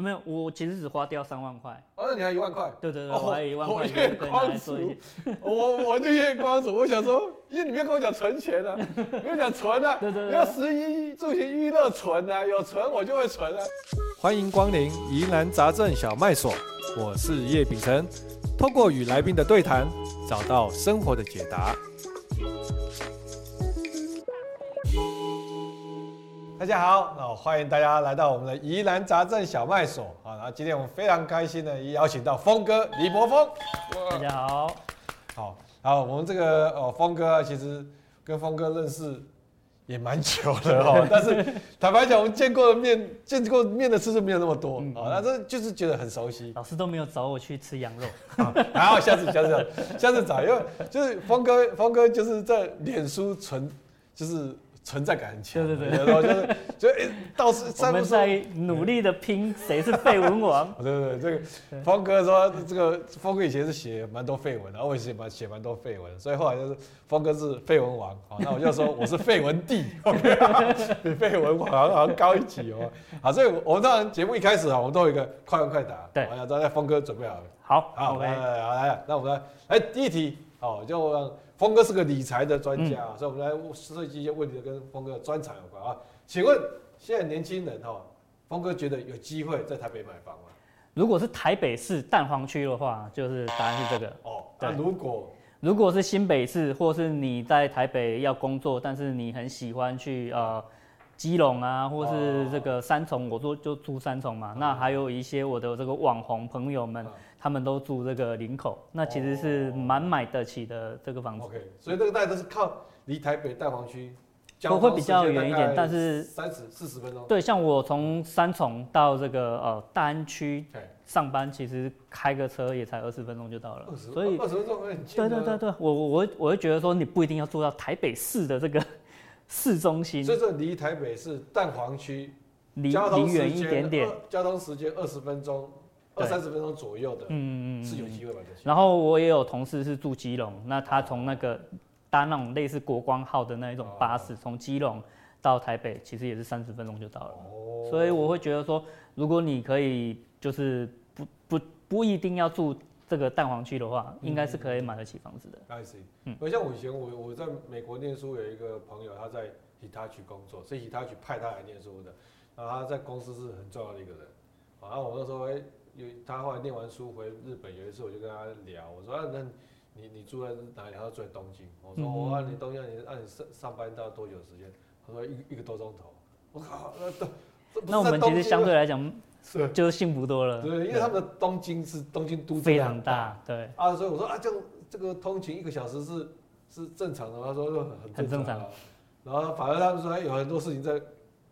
沒有，我其實只花掉三萬塊，哦，你還一萬塊？對對對，哦、我還一萬塊一我。我月光族，我我就月光族，我想說，因你別跟我講存錢啊跟我 講存啊 對對對，你要食衣住行娛樂存啊，有存我就會存啊。歡迎光臨疑難雜症小賣所，我是葉丙成，通過與來賓的對談，找到生活的解答。大家好，那、哦、歡迎大家來到我們的疑難雜症小賣所啊。然、哦、後今天我們非常開心的邀請到鋒哥李柏鋒，大家好，好、哦，好，我們這個哦，鋒哥其實跟鋒哥認識也蠻久了、哦、但是坦白講，我們見過的面， 見過的面的次數沒有那麼多啊。那這、嗯哦、就是覺得很熟悉，老師都沒有找我去吃羊肉， 哦、好，下次，下次，下次找，因為就是鋒哥，鋒哥就是在臉書存，就是。存在感很強，對對對，就是就、 欸、我們在努力的拼誰是廢文王， 對對對，這個鋒對哥說這個鋒哥以前是寫蠻多廢文的，然後我寫蠻寫蠻多廢文，所以後來就是鋒哥是廢文王，好，那我就說我是廢文帝，比廢文王好像高一級哦，好，所以我們當然節目一開始啊，我們都有一個快問快答，對，然後都鋒哥準備好了，好，好 okay，好，來，來來那我們來，來、欸、第一題，哦，就。峰哥是個理財的專家、啊，嗯、所以我們來設計一些問題，跟峰哥專長有關啊。請問現在年輕人峰哥覺得有機會在台北買房嗎？如果是台北市蛋黃區的話，就是答案是這個哦對、啊。但如果如果是新北市，或是你在台北要工作，但是你很喜歡去啊。呃基隆啊，或是這個三重，哦，我說就住三重嘛。嗯、那還有一些我的這個網紅朋友們，啊、他們都住這個林口，哦、那其實是蠻買得起的這個房子。OK，所以這個大家都是靠離台北大黃區，交通，我會比較遠一點，但是三十四十分鐘。對，像我從三重到這個呃大安區上班，其實開個車也才二十分鐘就到了。二十分鐘，所以二十分鐘很近。對對對對，我我我，我會覺得說你不一定要住到台北市的這個。市中心，所以離台北是蛋黃區，離離遠一點點，交通時間二十分鐘，二三十分鐘左右的，嗯嗯嗯，是有機會吧？然後我也有同事是住基隆，那他從那個、哦、搭那種類似國光號的那一種巴士、哦，從基隆到台北，其實也是三十分鐘就到了。哦、所以我會覺得說，如果你可以，就是不不不一定要住。這個蛋黃區的話，應該是可以買得起房子的，嗯。嗯、我、嗯、像我以前我我在美國念書，有一個朋友他在 Hitachi 工作，所以 Hitachi 派他來念書的。然後他在公司是很重要的一個人。然後我那時候，哎、欸，有他後來念完書回日本，有一次我就跟他聊，我說啊，那你你住在哪裡？他住在東京。我說我說、嗯哦、你東京、啊，你按、啊、你上上班到多久時間？他說一一個多鐘頭。我說那、啊啊、都。都那我們其實相對來講。是，對就幸福多了。對，因為他們的東京是對東京都非常大，對。啊，所以我說啊，這這個通勤一個小時是是正常的。他說很很正常啊。常的然後反而他們說，哎、欸，有很多事情在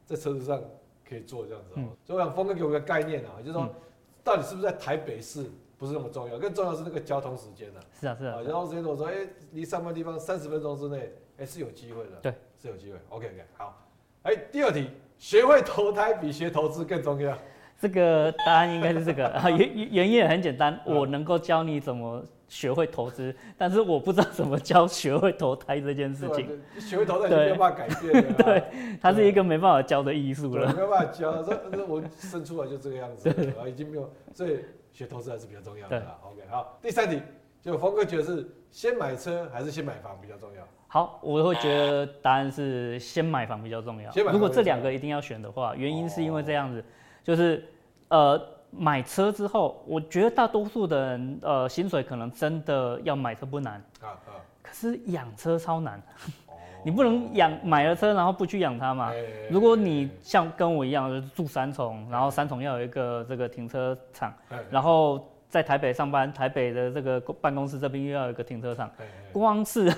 在車子上可以做，這樣子。嗯、所以我想鋒哥給我一個概念啊，就是、說、嗯、到底是不是在台北市不是那麼重要，更重要的是那個交通時間呢、啊啊？是啊是啊。交通時間，我說哎，離上班地方三十分鐘之內，哎、欸，是有機會的。對，是有機會。OK OK，好、欸。第二題，學會投胎比學投資更重要。這個答案應該是這個啊，原原因也很簡單，我能夠教你怎麼學會投資，但是我不知道怎麼教學會投胎這件事情。學會投胎已經沒有辦法改變的。對，它是一個沒辦法教的藝術了。沒有辦法教，這這我生出來就這個樣子，已經沒有，所以學投資還是比較重要的。OK，對好，第三題，就鋒哥覺得是先買車還是先買房比較重要？好，我會覺得答案是先買房比較重要。先買如果這兩個一定要選的話，原因是因為這樣子。就是，呃，買車之後，我覺得大多數的人，呃，薪水可能真的要買車不難，啊啊、可是養車超難，哦、 你不能養、哦、買了車然後不去養它嘛。嘿嘿嘿如果你像跟我一樣、就是、住三重，嘿嘿然後三重要有一個這個停車場，嘿嘿然後在台北上班，台北的這個辦公室這邊又要有一個停車場，嘿嘿光是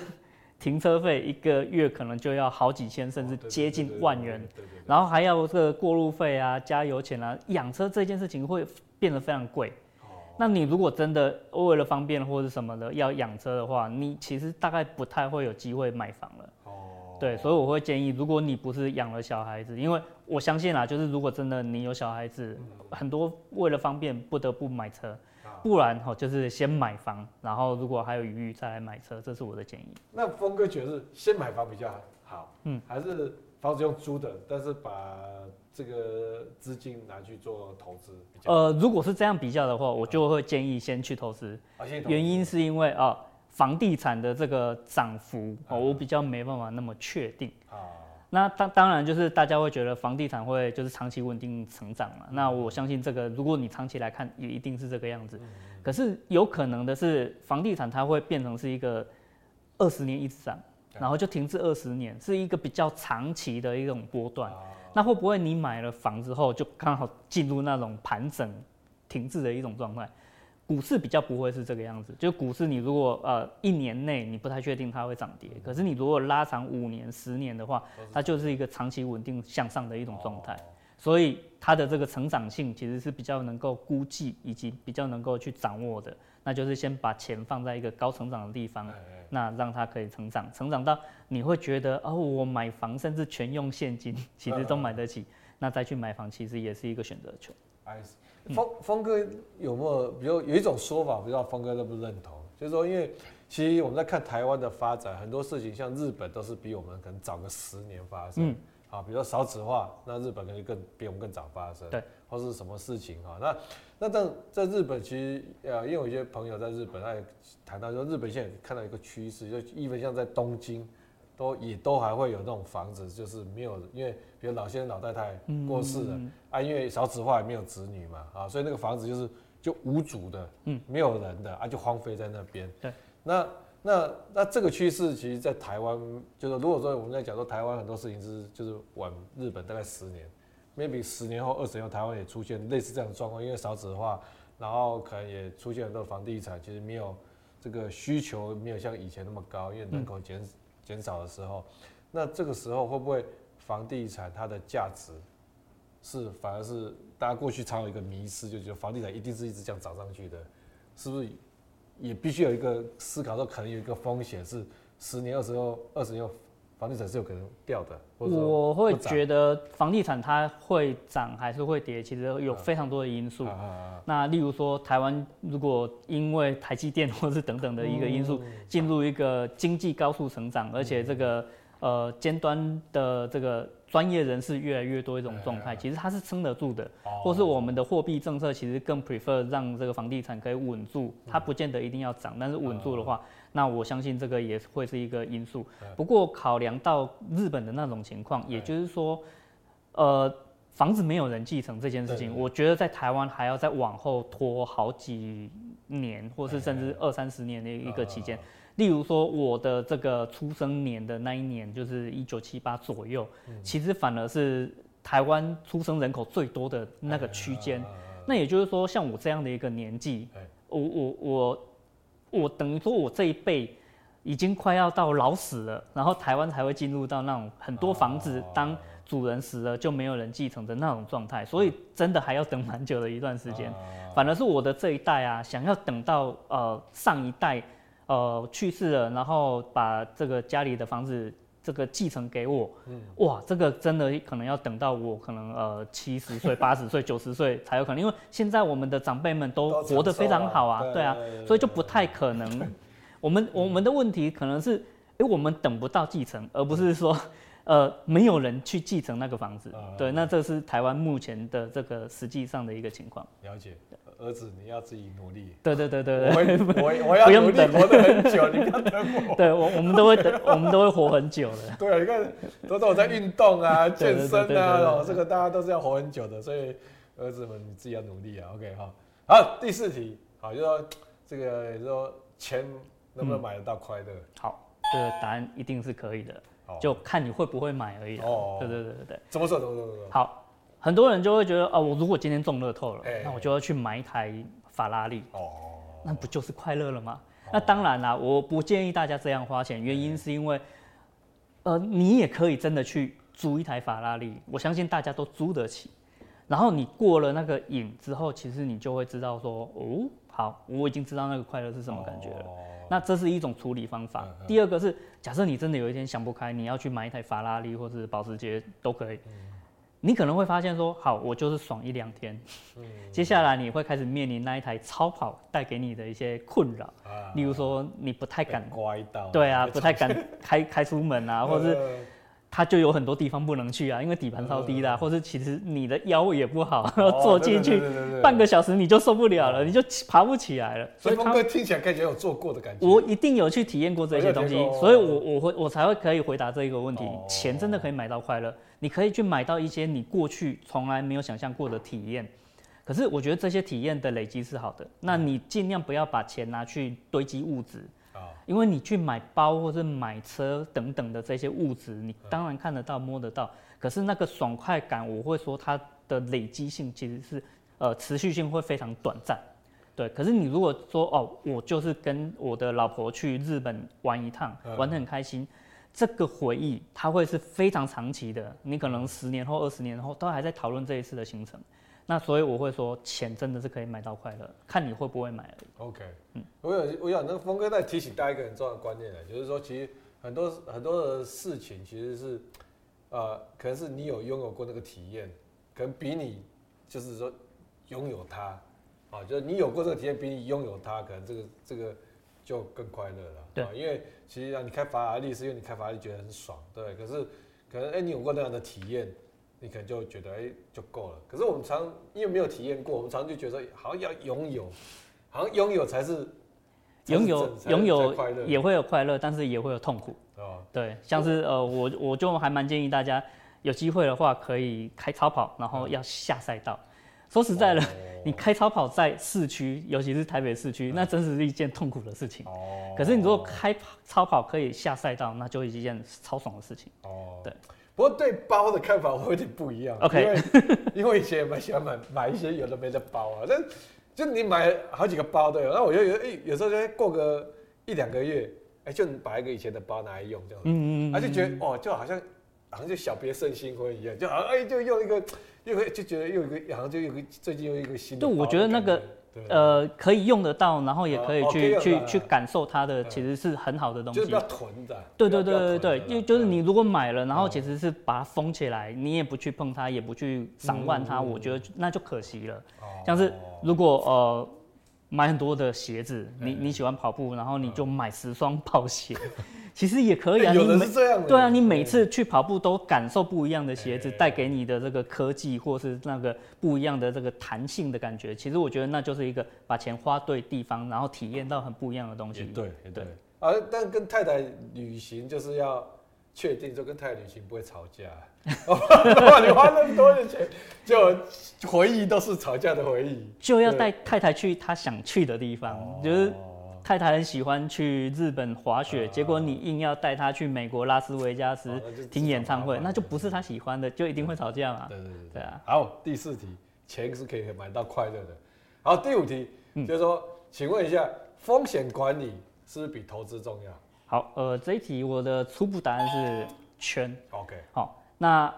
停車費一個月可能就要好幾千，甚至接近萬元，然後還要這個過路費啊、加油錢啊，養車這件事情會變得非常貴。哦，那你如果真的為了方便或者什麼的要養車的話，你其實大概不太會有機會買房了。哦，對，所以我會建議，如果你不是養了小孩子，因為我相信啊，就是如果真的你有小孩子，很多為了方便不得不買車。不然哈，就是先買房，然後如果還有餘裕再來買車，這是我的建議。那峰哥覺得是先買房比較好，好嗯，還是房子用租的，但是把這個資金拿去做投資比較。呃，如果是這樣比較的話，我就會建議先去投資。哦、先投資。原因是因為啊、哦，房地產的這個漲幅、嗯、哦，我比較沒辦法那麼確定啊。哦那當當然就是大家會覺得房地產會就是長期穩定成長嘛。那我相信這個，如果你長期來看也一定是這個樣子。可是有可能的是房地產它會變成是一個二十年一直漲，然後就停滯二十年，是一個比較長期的一種波段。那會不會你買了房之後就剛好進入那種盤整、停滯的一種狀態？股市比較不會是這個樣子，就股市你如果呃一年內你不太確定它會漲跌，嗯、可是你如果拉長五年、十年的話，它就是一個長期穩定向上的一種狀態，哦、所以它的這個成長性其實是比較能夠估計以及比較能夠去掌握的，那就是先把錢放在一個高成長的地方，哎哎那讓它可以成長，成長到你會覺得哦，我買房甚至全用現金其實都買得起，嗯、那再去買房其實也是一個選擇權。哎嗯、峰峰哥有沒有？比如有一種說法，不知道峰哥認不認同，就是說，因為其實我們在看台灣的發展，很多事情像日本都是比我們可能早個十年發生。嗯。啊，比如說少子化，那日本可能更比我們更早發生。對。或是什麼事情啊？那那但在日本，其實呃，因為有一些朋友在日本，他也談到說，日本現在看到一個趨勢，就一般像在東京，都也都還會有那種房子，就是沒有因為。比如老先生、老太太過世了，嗯，啊，因為少子化也沒有子女嘛啊，所以那個房子就是就無主的，嗯，沒有人的啊，就荒廢在那邊。對，那那那這個趨勢，其實，在台灣就是，如果說我們在講說台灣很多事情是就是晚日本大概十年，maybe 十年後二十年後台灣也出現類似這樣的狀況，因為少子化，然後可能也出現很多房地產其實沒有這個需求，沒有像以前那麼高，因為人口減減少的時候，嗯，那這個時候會不會？房地產它的價值是反而是大家過去常有一個迷思，就覺得房地產一定是一直這樣漲上去的，是不是？也必須有一個思考，說可能有一個風險是十年、二十年後、二十年後，房地產是有可能掉的，或者漲，我會覺得房地產它會漲還是會跌，其實有非常多的因素。啊、那例如說台灣，如果因為台積電或是等等的一個因素，進入一個經濟高速成長，而且這個。呃，尖端的這個專業人士越來越多一種狀態，其實它是撐得住的，或是我們的貨幣政策其實更 prefer 讓這個房地產可以穩住，它不見得一定要漲，但是穩住的話，那我相信這個也會是一個因素。不過考量到日本的那種情況，也就是說，呃，房子沒有人繼承這件事情，我覺得在台灣還要再往後拖好幾年，或是甚至二三十年的一個期間。例如說，我的這個出生年的那一年就是一九七八左右，其實反而是台灣出生人口最多的那個區間。那也就是說，像我這樣的一個年紀，我我我我等於說，我這一輩已經快要到老死了，然後台灣才會進入到那種很多房子當主人死了就沒有人繼承的那種狀態。所以真的還要等蠻久的一段時間，反而是我的這一代啊，想要等到呃上一代，呃，去世了，然後把這個家裡的房子這個繼承給我。嗯、哇，這個真的可能要等到我可能呃七十歲、八十歲、九十 歲才有可能，因為現在我們的長輩們都活得非常好啊，啊對啊，所以就不太可能。對我們我們的問題可能是、嗯誒，我們等不到繼承，而不是說，呃，沒有人去繼承那個房子。嗯、對，那這是台灣目前的這個實際上的一個情況。嗯嗯、了解。兒子，你要自己努力。對對對對對，我我我要努力，等活得很久，你要等我。對，我我們都會等， 我們都會活很久的。對，你看，多多我在運動啊，健身啊，這個大家都是要活很久的，所以兒子們你自己要努力啊，OK 好。好，第四題，好，就是、說這個、就是、說錢能不能買得到快樂，嗯？好，這個答案一定是可以的，好就看你會不會買而已、啊。哦，對對對對對。怎麼說？怎麼說？好。很多人就會覺得，哦，我如果今天中樂透了，欸欸，那我就要去買一台法拉利，哦、那不就是快樂了嗎？哦、那當然啦，我不建議大家這樣花錢，原因是因為，嗯、呃，你也可以真的去租一台法拉利，我相信大家都租得起。然後你過了那個癮之後，其實你就會知道說，哦，好，我已經知道那個快樂是什麼感覺了。哦、那這是一種處理方法。嗯、哼第二個是，假設你真的有一天想不開，你要去買一台法拉利或是保時捷都可以。嗯你可能會發現說，好，我就是爽一兩天，接下來你會開始面臨那一台超跑帶給你的一些困擾，例如說你不太敢，乖到，對啊，不太敢開開出門啊，或者是它就有很多地方不能去啊，因為底盤超低的，或是其實你的腰也不好，坐進去半個小時你就受不了了，你就爬不起來了。所以鋒哥聽起來看起來有坐過的感覺，我一定有去體驗過這些東西，所以我我會我才會可以回答這一個問題，錢真的可以買到快樂。你可以去買到一些你過去從來沒有想象過的體驗，可是我覺得這些體驗的累積是好的。那你盡量不要把錢拿去堆積物質，啊，因為你去買包或是買車等等的這些物質，你當然看得到、摸得到，可是那個爽快感，我會說它的累積性其實是，呃，持續性會非常短暫。對，可是你如果說哦，我就是跟我的老婆去日本玩一趟，玩得很開心。這個回憶它會是非常長期的，你可能十年後、二十年後都還在討論這一次的行程。那所以我會說，錢真的是可以買到快樂，看你會不會買。OK，嗯，我有我有，那鋒哥在提醒大家一個很重要的觀念呢，就是說，其實很多很多的事情其實是，呃，可能是你有擁有過那個體驗，可能比你就是說擁有它，啊，就是你有過這個體驗，比你擁有它，可能這個這個。就更快樂了，對，因為其實啊，你開法拉利是因為你開法拉利覺得很爽，對。可是可能哎、欸，你有過那樣的體驗，你可能就覺得哎、欸、就夠了。可是我們常因為沒有體驗過，我們常常就覺得好像要擁有，好像擁有才是擁有，擁有快樂也會有快樂，但是也會有痛苦。哦嗎，對，像是呃，我我就還蠻建議大家有機會的話可以開超跑，然後要下賽道。嗯說實在的，哦，你開超跑在市區，尤其是台北市區，嗯，那真是是一件痛苦的事情。哦。可是，你如果開跑超跑可以下賽道，那就一件超爽的事情。哦。對。不過，對包的看法會有點不一樣。OK。因為，因為以前也蠻喜歡買買一些有的沒的包啊， 但就你買好幾個包都有，那我覺得有，有時候哎過個一兩個月，哎、欸，就把一個以前的包拿來用，就是，這樣。嗯嗯。而且、啊，覺得哇，哦，就好像好像就小別勝新婚一樣，就哎、欸，就用一個。又會就覺得又一個，好像就有個最近又有一個新的。對，我覺得那個呃可以用得到，然後也可以去去去感受它的，其實是很好的東西。就不要囤着。對對對對對，就就是你如果買了，然後其實是把它封起來，你也不去碰它，也不去賞玩它，我覺得那就可惜了。像是如果呃。買很多的鞋子，你你喜歡跑步，然後你就買十雙跑鞋，嗯、其實也可以啊。有的是這樣的。對啊，你每次去跑步都感受不一樣的鞋子帶給你的這個科技，或是那個不一樣的這個彈性的感覺。其實我覺得那就是一個把錢花對地方，然後體驗到很不一樣的東西。對對。對對啊，但跟太太旅行就是要確定，就跟太太旅行不會吵架啊。 你花那麼多的錢，就回憶都是吵架的回憶。就要帶太太去她想去的地方對，就是太太很喜歡去日本滑雪，哦、結果你硬要帶她去美國拉斯維加斯聽演唱會，哦、那，就那就不是她喜歡的，就一定會吵架嘛。對，對對對，對啊。好，第四題，錢是可以買到快樂的。好，第五題，嗯、就是說，請問一下，風險管理是不是比投資重要？好，呃，這一題我的初步答案是圈。OK，好，哦，那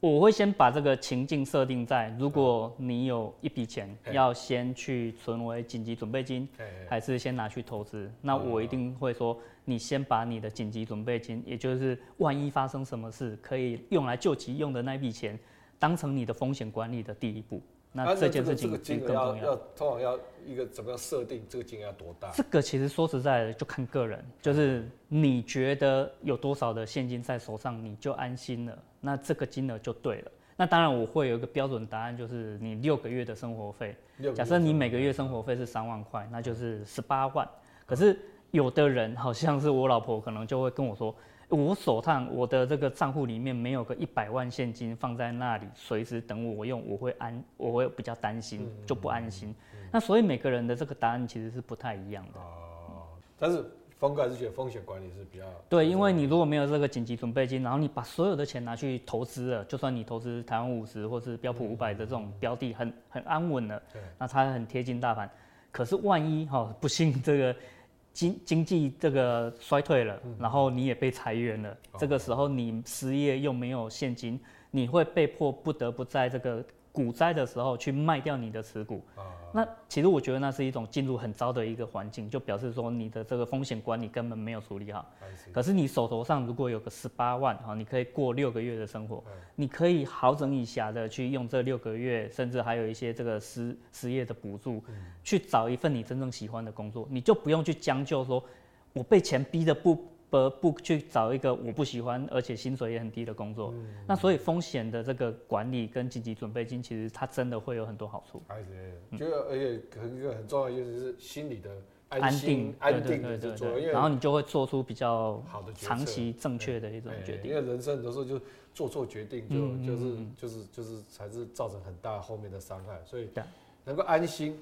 我會先把這個情境設定在，如果你有一筆錢，要先去存為緊急準備金，嘿嘿還是先拿去投資？那我一定會說，你先把你的緊急準備金，嘿嘿也就是萬一發生什麼事可以用來救急用的那筆錢，當成你的風險管理的第一步。那這件事情，這個要要通常要一個怎麼樣設定？這個金額要多大？這個其實說實在的，就看個人，就是你覺得有多少的現金在手上，你就安心了，那這個金額就對了。那當然我會有一個標準答案，就是你六個月的生活費，假設你每個月生活費是三萬塊，那就是十八萬。可是有的人好像是我老婆，可能就會跟我說。我手上我的這個賬戶裡面沒有個一百萬現金放在那裡，隨時等我用，我會安，我會比較擔心，嗯、就不安心。嗯嗯、那所以每個人的這個答案其實是不太一樣的。哦，嗯、但是鋒哥還是覺得風險管理是比較對，嗯、因為你如果沒有這個緊急準備金，然後你把所有的錢拿去投資了，就算你投資台灣五十或是標普五百的這種標的很、嗯、很安穩了。那對它很貼近大盤，可是萬一哈不幸這個。經經濟這個衰退了，然後你也被裁員了，嗯、這個時候你失業又沒有現金，哦、你會被迫不得不在這個。股災的時候去賣掉你的持股，那其實我覺得那是一種進入很糟的一個環境，就表示說你的這個風險管理根本沒有處理好。可是你手頭上如果有個十八萬啊，你可以過六個月的生活，你可以好整以暇的去用這六個月，甚至還有一些這個失失業的補助，去找一份你真正喜歡的工作，你就不用去將就說，我被錢逼得不。不不去找一個我不喜歡，而且薪水也很低的工作，嗯、那所以風險的這個管理跟緊急準備金，其實它真的會有很多好處。哎呀嗯、而且，覺得而且一個很重要的就是心理的安,心安定，安定的對,對,對,對。然後你就會做出比較好的長期正確的一種決定。因為人生很多時候就做錯決定就、嗯就是，就就是就是就是才是造成很大後面的傷害。所以能夠安心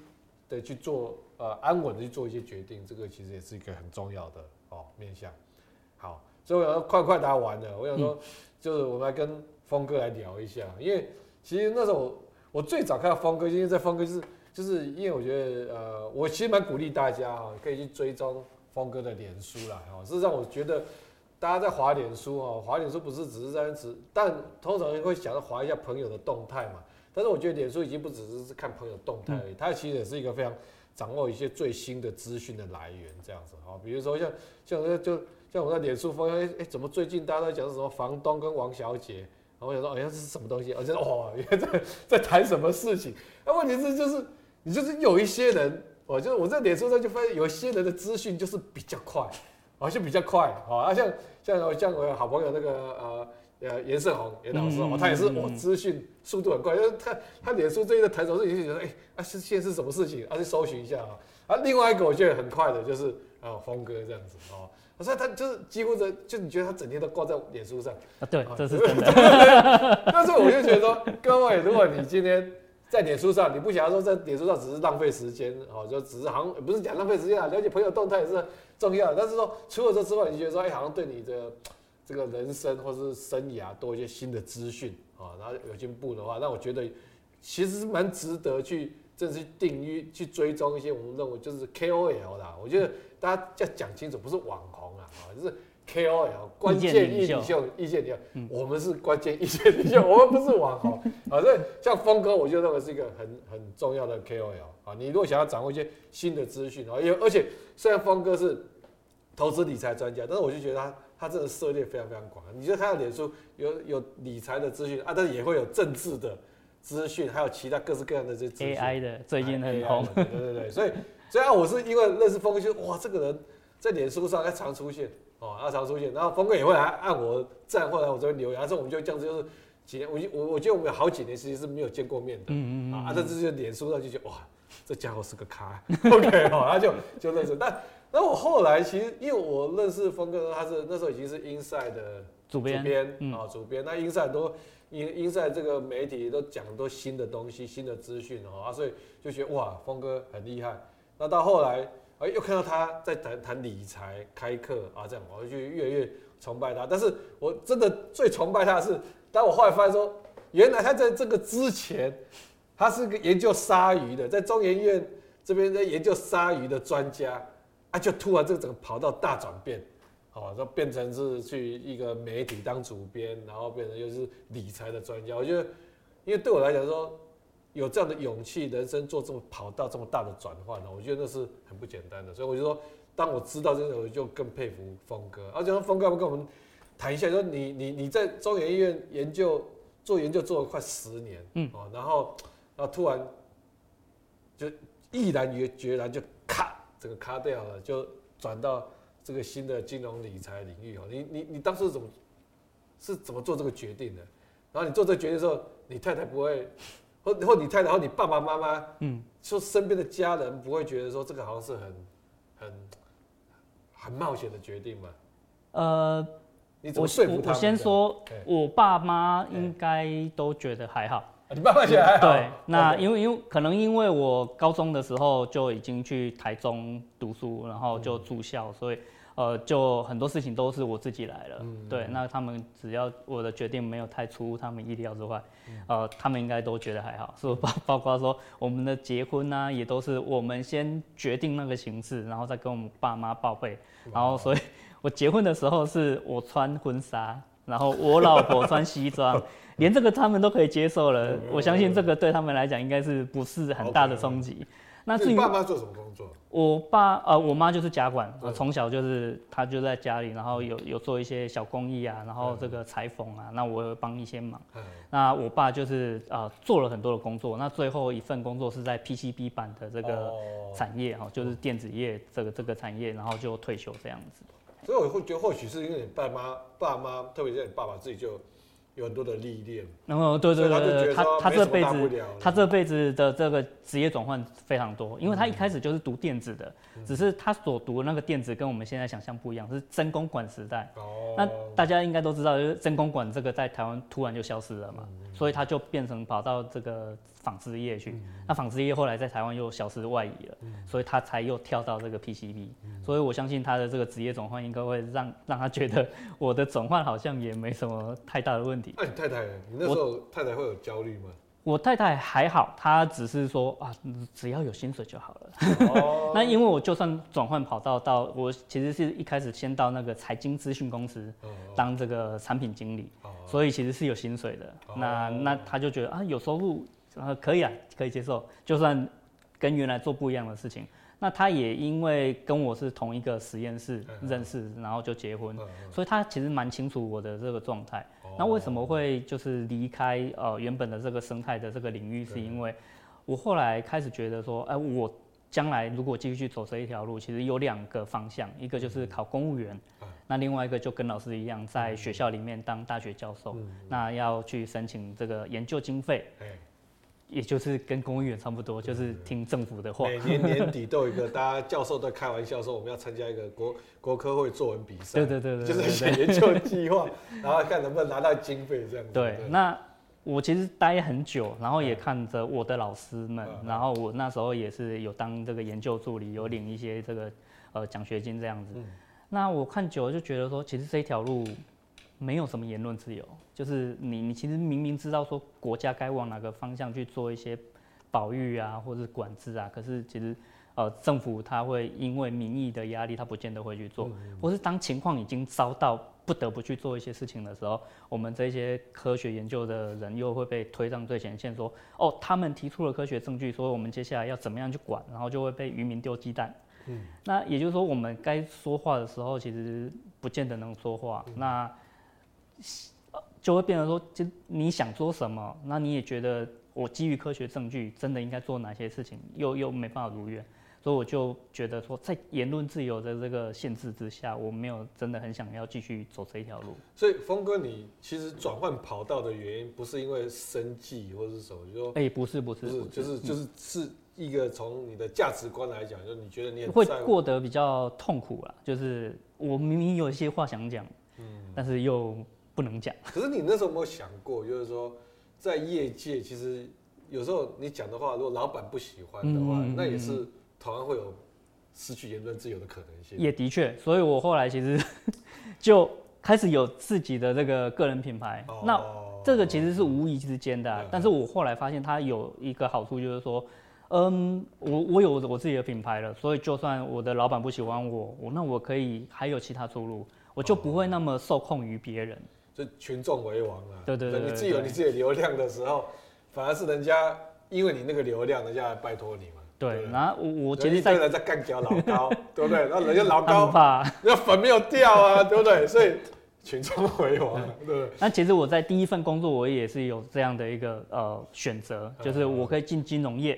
的去做，呃，安穩的去做一些決定，這個其實也是一個很重要的哦面向。好，所以我想要快快答完的。我想說，就是我們來跟鋒哥來聊一下，嗯、因為其實那時候我，我最早看到鋒哥，因為在鋒哥是就是因為我覺得呃，我其實蠻鼓勵大家哈，可以去追蹤鋒哥的臉書啦。哦，事實上我覺得大家在滑臉書啊，滑、哦、臉書不是只是在只，但通常會想到滑一下朋友的動態嘛。但是我覺得臉書已經不只是看朋友動態而已，嗯、它其實也是一個非常掌握一些最新的資訊的來源這樣子。哦，比如說像像說就。像我在臉書發，哎、欸欸、怎麼最近大家都在講什麼房東跟王小姐？然後我想說，哎、欸、呀，這是什麼東西？而且，哇、喔，原來在在談什麼事情？那問題是就是，你就是有一些人，我、喔、就是我在臉書上就發現有一些人的資訊就是比較快，而、喔、且比較快，好、喔啊，像像、喔、像我的好朋友那個呃呃顏勝紅顏、呃、老師哦、喔，他也是，我資訊速度很快，因、就、為、是、他他臉書這一個抬頭是已經覺說哎、欸，啊是現在是什麼事情？啊去搜尋一下啊、喔。啊，另外一個我覺得很快的就是啊鋒、喔、哥這樣子哦。喔所以他就是幾乎就就你覺得他整天都掛在臉書上啊，對啊？ 對，這是對。但是我就覺得說， 各位，如果你今天在臉書上，你不想要說在臉書上只是浪費時間哦、喔，就只是好像也不是講浪費時間啊，了解朋友動態也是重要的。但是說除了這之外，你覺得說哎、欸、好像對你的這個人生或是生涯多一些新的資訊啊，然後有進步的話，那我覺得其實是蠻值得去，正式定義去追蹤一些我們認為就是 KOL 的。我覺得大家要講清楚，不是網。啊，就是 K O L 關鍵意領袖，意見你要，嗯、我們是關鍵意見領袖，我們不是網紅。所以像鋒哥，我就認為是一個很很重要的 K O L 啊。你如果想要掌握一些新的資訊啊，因為而且雖然鋒哥是投資理財專家，但是我就覺得他他這個涉獵非常非常廣。你覺得他的臉書有有理財的資訊啊，但是也會有政治的資訊，還有其他各式各樣的這 A I 的最近很紅，對，對對對。所以雖然我是因為認識鋒哥，就哇這個人。在臉書上還常出現，哦，還常出現，然後峰哥也會來按我贊，後來我這邊留言，然、啊、後我們就這樣子就是，幾年，我我我記得我們有好幾年其實是沒有見過面的，嗯嗯，嗯，嗯啊，啊這次就臉書上就覺得哇，這家伙是個咖 ，OK，哦，然後就就認識，但那我後來其實因為我認識峰哥，他是那時候已經是 inside 的主編，啊、嗯哦，主編，那 inside 都 in, inside 都這個媒體都講很多新的東西，新的資訊，哦，啊，所以就覺得哇，峰哥很厲害，那到後來。哎，又看到他在談談理財、開課啊，這樣我就越來越崇拜他。但是我真的最崇拜他的是，當我後來發現說，原來他在這個之前，他是個研究鯊魚的，在中研院這邊在研究鯊魚的專家，啊，就突然這個整個跑到大轉變，哦、啊，就變成是去一個媒體當主編，然後變成又是理財的專家。我覺得，因為對我來講說。有這樣的勇氣，人生做這麼跑道這麼大的轉換呢？我覺得那是很不簡單的。所以我就說，當我知道這個，我就更佩服鋒哥。而且鋒哥要不跟我們談一下，說你你你在中研醫院研究做研究做了快十年，嗯哦、喔，然後突然就毅然決決然就咔這個咔掉了，就轉到這個新的金融理財領域哦、喔。你你你當時怎麼是怎麼做這個決定的？然後你做這個決定的時候，你太太不會？或或你太太，或你爸爸媽媽，嗯，說身邊的家人不會覺得說這個好像是很、很、很冒險的決定嗎？呃，我我我先說，我爸媽應該都覺得還好。啊，你爸媽覺得還好？對，那因為因為可能因為我高中的時候就已經去台中讀書，然後就住校，所以。呃，就很多事情都是我自己來了，嗯、對，那他們只要我的決定沒有太出乎他們意料之外，嗯、呃，他們應該都覺得還好，是不包包括說我們的結婚呢、啊，也都是我們先決定那個形式，然後再跟我們爸媽報備，然後所以 Wow. 我結婚的時候是我穿婚紗，然後我老婆穿西裝， 連這個他們都可以接受了， 我相信這個對他們來講應該是不是很大的衝擊。Okay. 那你爸媽做什麼工作？我爸呃，我媽就是家管，我從對小就是她就在家裡，然後有有做一些小工藝啊，然後這個裁縫啊，嗯、那我有幫一些忙。嗯、那我爸就是呃做了很多的工作，那最後一份工作是在 PCB 板的這個產業哈、哦喔，就是電子業這個這個產業，然後就退休這樣子。所以我會覺得，或許是因為你爸媽爸媽，特別是你爸爸自己就有很多的歷練，然後對對對，對，他他，他這輩子了了是是他這輩子的這個職業轉換非常多，因為他一開始就是讀電子的，嗯、只是他所讀的那個電子跟我們現在想象不一樣，是真空管時代。哦，那大家應該都知道，就是真空管這個在台灣突然就消失了嘛。嗯所以他就變成跑到這個紡織業去，嗯嗯嗯嗯、那紡織業後來在台灣又消失外移了，所以他才又跳到這個 PCB。嗯嗯嗯嗯、所以我相信他的這個職業轉換應該會讓讓他覺得，我的轉換好像也沒什麼太大的問題。嗯嗯嗯嗯、 哎，你太太，你那時候太太會有焦慮嗎？我太太還好，她只是說啊，只要有薪水就好了。 那因為我就算轉換跑道到，我其實是一開始先到那個財經資訊公司當這個產品經理，所以其實是有薪水的。那那她就覺得啊有收入，啊、可以啊，可以接受，就算跟原來做不一樣的事情，那她也因為跟我是同一個實驗室認識，嗯嗯嗯嗯嗯，然後就結婚，所以她其實蠻清楚我的這個狀態。那為什麼會就是離開呃原本的這個生態的這個領域？是因為我後來開始覺得說，哎，我將來如果繼續去走這一條路，其實有兩個方向，一個就是考公務員，那另外一個就跟老師一樣，在學校裡面當大學教授，那要去申請這個研究經費。也就是跟公務員差不多，就是聽政府的話。每年年底都有一個，大家教授都開玩笑說我們要參加一個國國科會作文比賽，對對對，對，對，對，對，對就是研究計劃， 然後看能不能拿到經費這樣子。對，對那我其實待很久，然後也看着我的老師們，嗯、然後我那時候也是有當這個研究助理，有領一些這個呃獎學金這樣子。嗯、那我看久了就覺得說，其實這一條路。沒有什麼言論自由，就是你你其實明明知道說國家該往哪個方向去做一些保育啊，或者是管制啊，可是其實呃政府他會因為民意的壓力，他不見得會去做。嗯嗯、或是當情況已經糟到不得不去做一些事情的時候，我們這些科學研究的人又會被推上最前線說，說哦他們提出了科學證據，說我們接下來要怎麼樣去管，然後就會被漁民丟雞蛋。嗯，那也就是說我們該說話的時候，其實不見得能說話。嗯、那。就會變成說，就你想做什麼，那你也覺得我基於科學證據真的應該做哪些事情，又又沒辦法如願，所以我就覺得說，在言論自由的這個限制之下，我沒有真的很想要繼續走這一條路。所以峰哥，你其實轉換跑道的原因，不是因為生計或者是什麼，就是、說，哎、欸，不是不是不是，不是就是，是就是、嗯、是一個從你的價值觀來講，就是、你覺得你會過得比較痛苦啊，就是我明明有一些話想講，嗯，但是又。不能講。可是你那時候有沒有想過？就是說，在業界其實有時候你講的話，如果老板不喜歡的話，那也是同樣會有失去言論自由的可能性。嗯嗯嗯、也的確，所以我後來其實就開始有自己的這個個人品牌。哦、那這個其實是無意之間的、啊，嗯、但是我後來發現它有一個好處，就是說，嗯，我我有我自己的品牌了，所以就算我的老板不喜歡我，我那我可以還有其他出路，我就不會那麼受控於別人。就群眾為王啊！對對對，你自己有你自己流量的時候，反而是人家因為你那個流量，人家來拜托你嘛。對，然後我我覺得你在幹掉老高，對不對？那人家老高，那粉沒有掉啊，對不對？所以群眾為王，對不對？那其實我在第一份工作，我也是有這樣的一個呃選擇，就是我可以進金融業，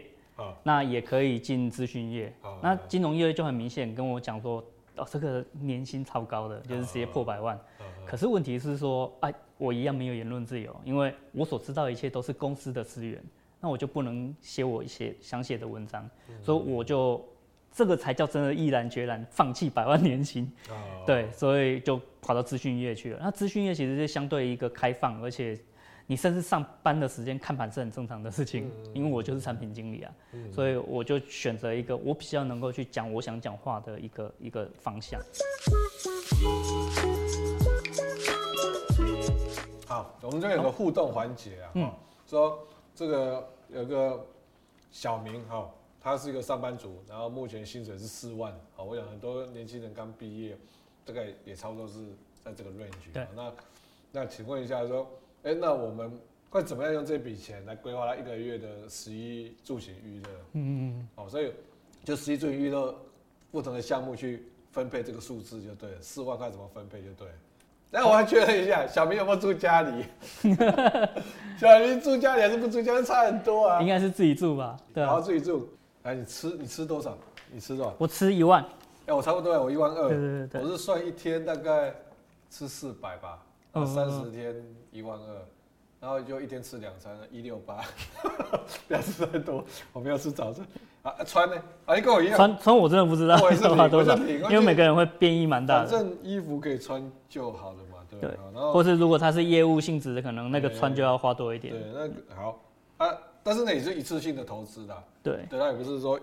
那也可以進資訊業。那金融業就很明顯跟我講說，哦，這個年薪超高的，就是直接破百萬。Oh, 可是問題是說，哎、啊，我一樣沒有言論自由，因為我所知道的一切都是公司的資源，那我就不能寫我一些想寫的文章，mm hmm. 所以我就這個才叫真的毅然決然放棄百萬年薪。Oh. 對，所以就跑到資訊業去了。那資訊業其實是相對一個開放，而且。你甚至上班的時間看盤是很正常的事情，因為我就是產品經理啊，所以我就選擇一個我比較能夠去講我想講話的一個一個方向。好，我們這邊有個互動環節啊，哦、嗯、哦，嗯，說這個有個小明哈、哦，他是一個上班族，然後目前薪水是四萬、哦，我想很多年輕人剛畢業，大概也差不多是在這個 range，對、哦，那那請問一下說。欸、那我們會怎麼樣用這筆錢來規劃他一個月的食衣住行娛樂？嗯嗯哦，所以就食衣住行娛樂不同的項目去分配這個數字就對了，四萬塊怎麼分配就對了。那我要確認一下，小明有沒有住家裡？ 小明住家裡還是不住家裡差很多啊？應該是自己住吧。對，然後自己住，哎，你吃你吃多少？你吃多少？我吃一萬。哎、欸，我差不多，我一萬二。對，對對對。我是算一天大概吃四百吧。三十天一萬二，然後就一天吃兩餐一六八，不要吃太多。我沒有吃早餐啊。穿呢？哎，跟我一樣。穿穿我真的不知道要花多少，因為每個人會變異蠻大的。反正衣服可以穿就好了嘛。對，然後，或是如果他是業務性質的，可能那個穿就要花多一點。對，那個好啊，但是那也是一次性的投資的。對。對他也不是說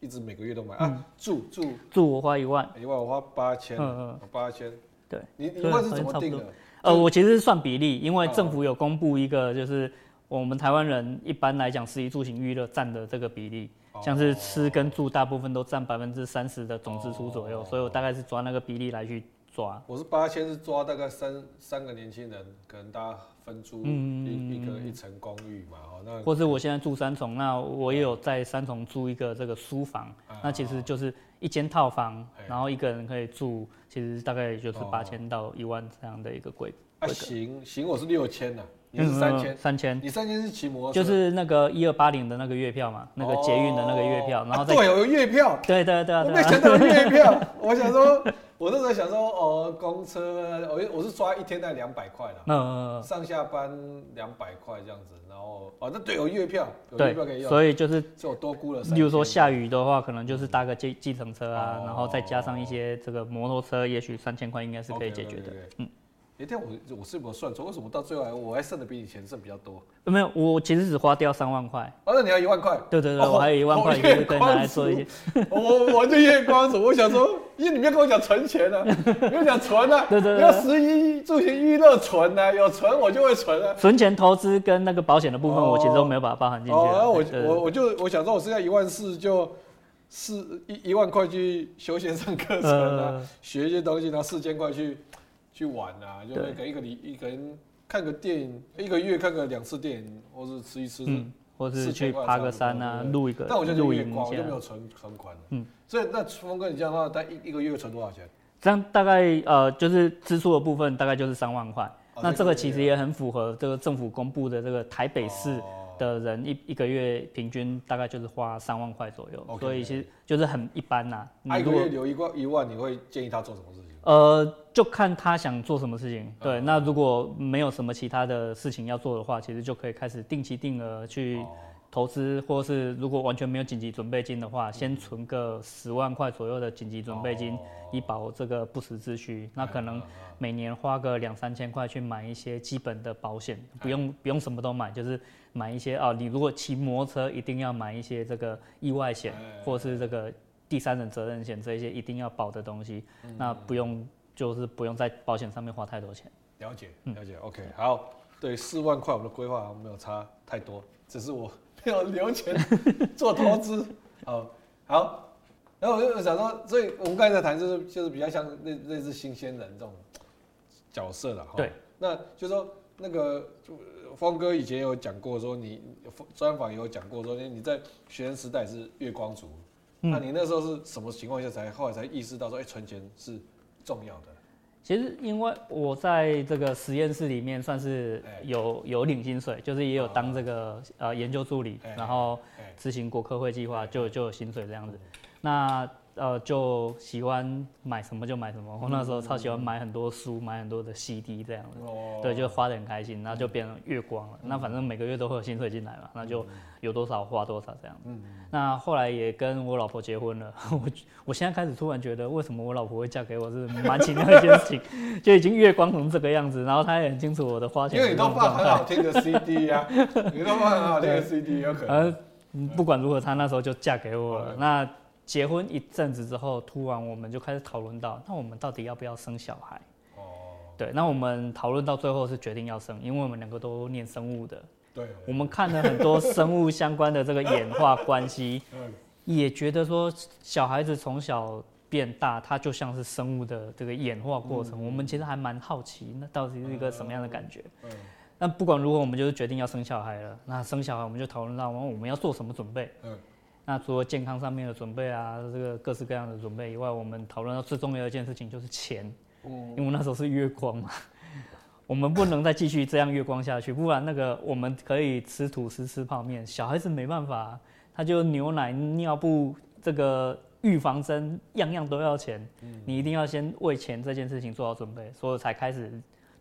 一直每個月都買啊。住住住，我花一萬，一萬我花八千，嗯嗯，八千。對，你一萬是怎麼定的？就呃，我其實是算比例，因為政府有公布一個，就是我們台灣人一般來講，食衣住行娛樂占的這個比例，像是吃跟住，大部分都占百分之三十的總支出左右，所以我大概是抓那個比例來去抓。哦哦哦哦，我是八千是抓大概三三個年輕人可能大。分租一個一層公寓嘛，哦，那或是我現在住三重，那我也有在三重租一個這個書房，那其實就是一間套房，然後一個人可以住，其實大概就是八千到一萬這樣的一個貴。啊，行行，我是六千的，你是三千三千，你三千是騎摩托，就是那個一二八零的那個月票嘛，那個捷運的那個月票，然後再有月票，對對對那我沒有想到月票，我想說。我那時候想說，哦，公車，我我是刷一天大概兩百塊的，那上下班兩百塊這樣子，然後哦，那對，有月票，有月票可以用。所以就是就多估了。比如說下雨的話，可能就是搭個計計程車啊，嗯、然後再加上一些這個摩托車，嗯、也許三千塊應該是可以解決的，okay, okay, okay, okay. 嗯。哎，但我我是有沒有算錯？為什麼到最後我還剩的比以前剩比較多？沒有，我其實只花掉三萬塊。哦，那你要一萬塊。對對對，我還有一萬塊，因為剛才說一句，我我就月光族，我想說，因為你們跟我講存錢啊，你要講存啊，對對要十一住行、娛樂存啊，有存我就會存啊。存錢投資跟那個保險的部分，我其實都沒有把它包含進去。哦，我我我就我想說，我剩下一萬四就四一一萬塊去修線上課程啊，學一些東西，拿四千塊去。去玩啊，就給一個禮，一個人看個電影，一個月看個兩次電影，或是吃一次，或是去爬個山啊，錄一個錄但我就一個月光沒有存存款。嗯，所以那鋒跟你這樣的話，他一一個月存多少錢？這樣大概呃，就是支出的部分大概就是三萬塊。那這個其實也很符合這個政府公布的這個台北市的人一一個月平均大概就是花三萬塊左右。所以其實就是很一般吶。一個月留一萬，一萬你會建議他做什麼事情？呃，就看他想做什麼事情。對，那如果沒有什麼其他的事情要做的話，其實就可以開始定期定額去投資，或是如果完全沒有緊急準備金的話，先存個十萬塊左右的緊急準備金，以保這個不時之需。那可能每年花個兩三千塊去買一些基本的保險，不用不用什麼都買，就是買一些哦、啊。你如果騎摩托車，一定要買一些這個意外險，或是這個。第三人責任險這些一定要保的東西，那不用、嗯嗯、就是不用在保險上面花太多錢。了解，嗯、了解。OK，對，好，對四萬塊，我們的規劃沒有差太多，只是我沒有留錢 做投資。好，好，然後我就想說，所以我們剛才在談就是就是比較像類類似新鮮人這種角色的哈。對，那就是說那個鋒哥以前有講過，說你專訪也有講過，說你在學生時代是月光族。那你那時候是什麼情況下，才後來才意識到說，哎，存錢是重要的？其實因為我在這個實驗室裡面算是有有領薪水，就是也有當這個呃研究助理，然後執行國科會計劃就有就有薪水這樣子。那呃，就喜歡買什麼就買什麼。我那時候超喜歡買很多書，買很多的 CD 這樣子，對，就花得很開心，然後就變成月光了。那反正每個月都會有薪水進來嘛，那就有多少花多少這樣。嗯那後來也跟我老婆結婚了。我我現在開始突然覺得，為什麼我老婆會嫁給我是蠻奇妙一件事情。就已經月光成這個樣子，然後她也很清楚我的花錢。因為你都放很好聽的 CD 呀，你都放很好聽的 CD 有可能。不管如何，她那時候就嫁給我了。那。結婚一陣子之後，突然我們就開始討論到，那我們到底要不要生小孩？Oh. 對，那我們討論到最後是決定要生，因為我們兩個都念生物的，對、哦，我們看了很多生物相關的這個演化關係， 也覺得說小孩子從小變大，他就像是生物的這個演化過程。嗯、我們其實還蠻好奇，那到底是一個什麼樣的感覺？嗯、那不管如何，我們就決定要生小孩了。那生小孩我們就討論到，我們我們要做什麼準備？嗯那除了健康上面的準備啊，這個各式各樣的準備以外，我們討論到最重要的一件事情就是錢，因為那時候是月光嘛，我們不能再繼續這樣月光下去，不然那個我們可以吃土司吃，吃泡麵，小孩子沒辦法，他就牛奶尿布這個預防針樣樣都要錢，你一定要先為錢這件事情做好準備，所以才開始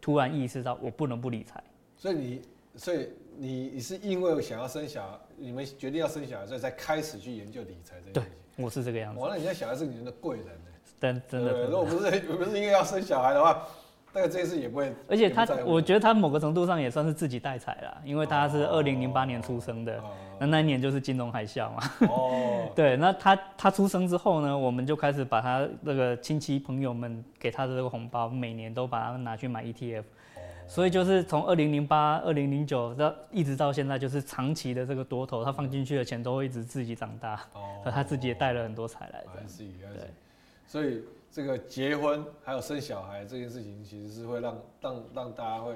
突然意識到我不能不理財，所以你所以你你是因為我想要生小孩。你們決定要生小孩，所以才開始去研究理財這個東西。對，我是這個樣子。完了，你家小孩是你們的貴人呢。真真的。對，如果不是如果不是因為要生小孩的話，大概這一次也不會。而且他，我覺得他某個程度上也算是自己帶財啦，因為他是二零零八年出生的，哦哦哦、那那一年就是金融海嘯嘛。哦。 對，那他他出生之後呢，我們就開始把他那個親戚朋友們給他的這個紅包，每年都把它拿去買 ETF，所以就是從二零零八、二零零九到一直到現在，就是長期的這個多頭，他放進去的錢都會一直自己長大，哦，他自己也帶了很多財來，真是對。所以這個結婚還有生小孩這件事情，其實是會讓讓讓大家會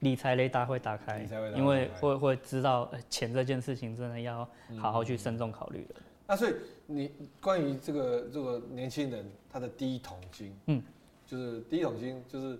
理財雷達會打開，理財會因為會會知道錢這件事情真的要好好去慎重考慮的。嗯嗯嗯。那所以你關於這個這個年輕人他的第一桶金，嗯，就是第一桶金就是。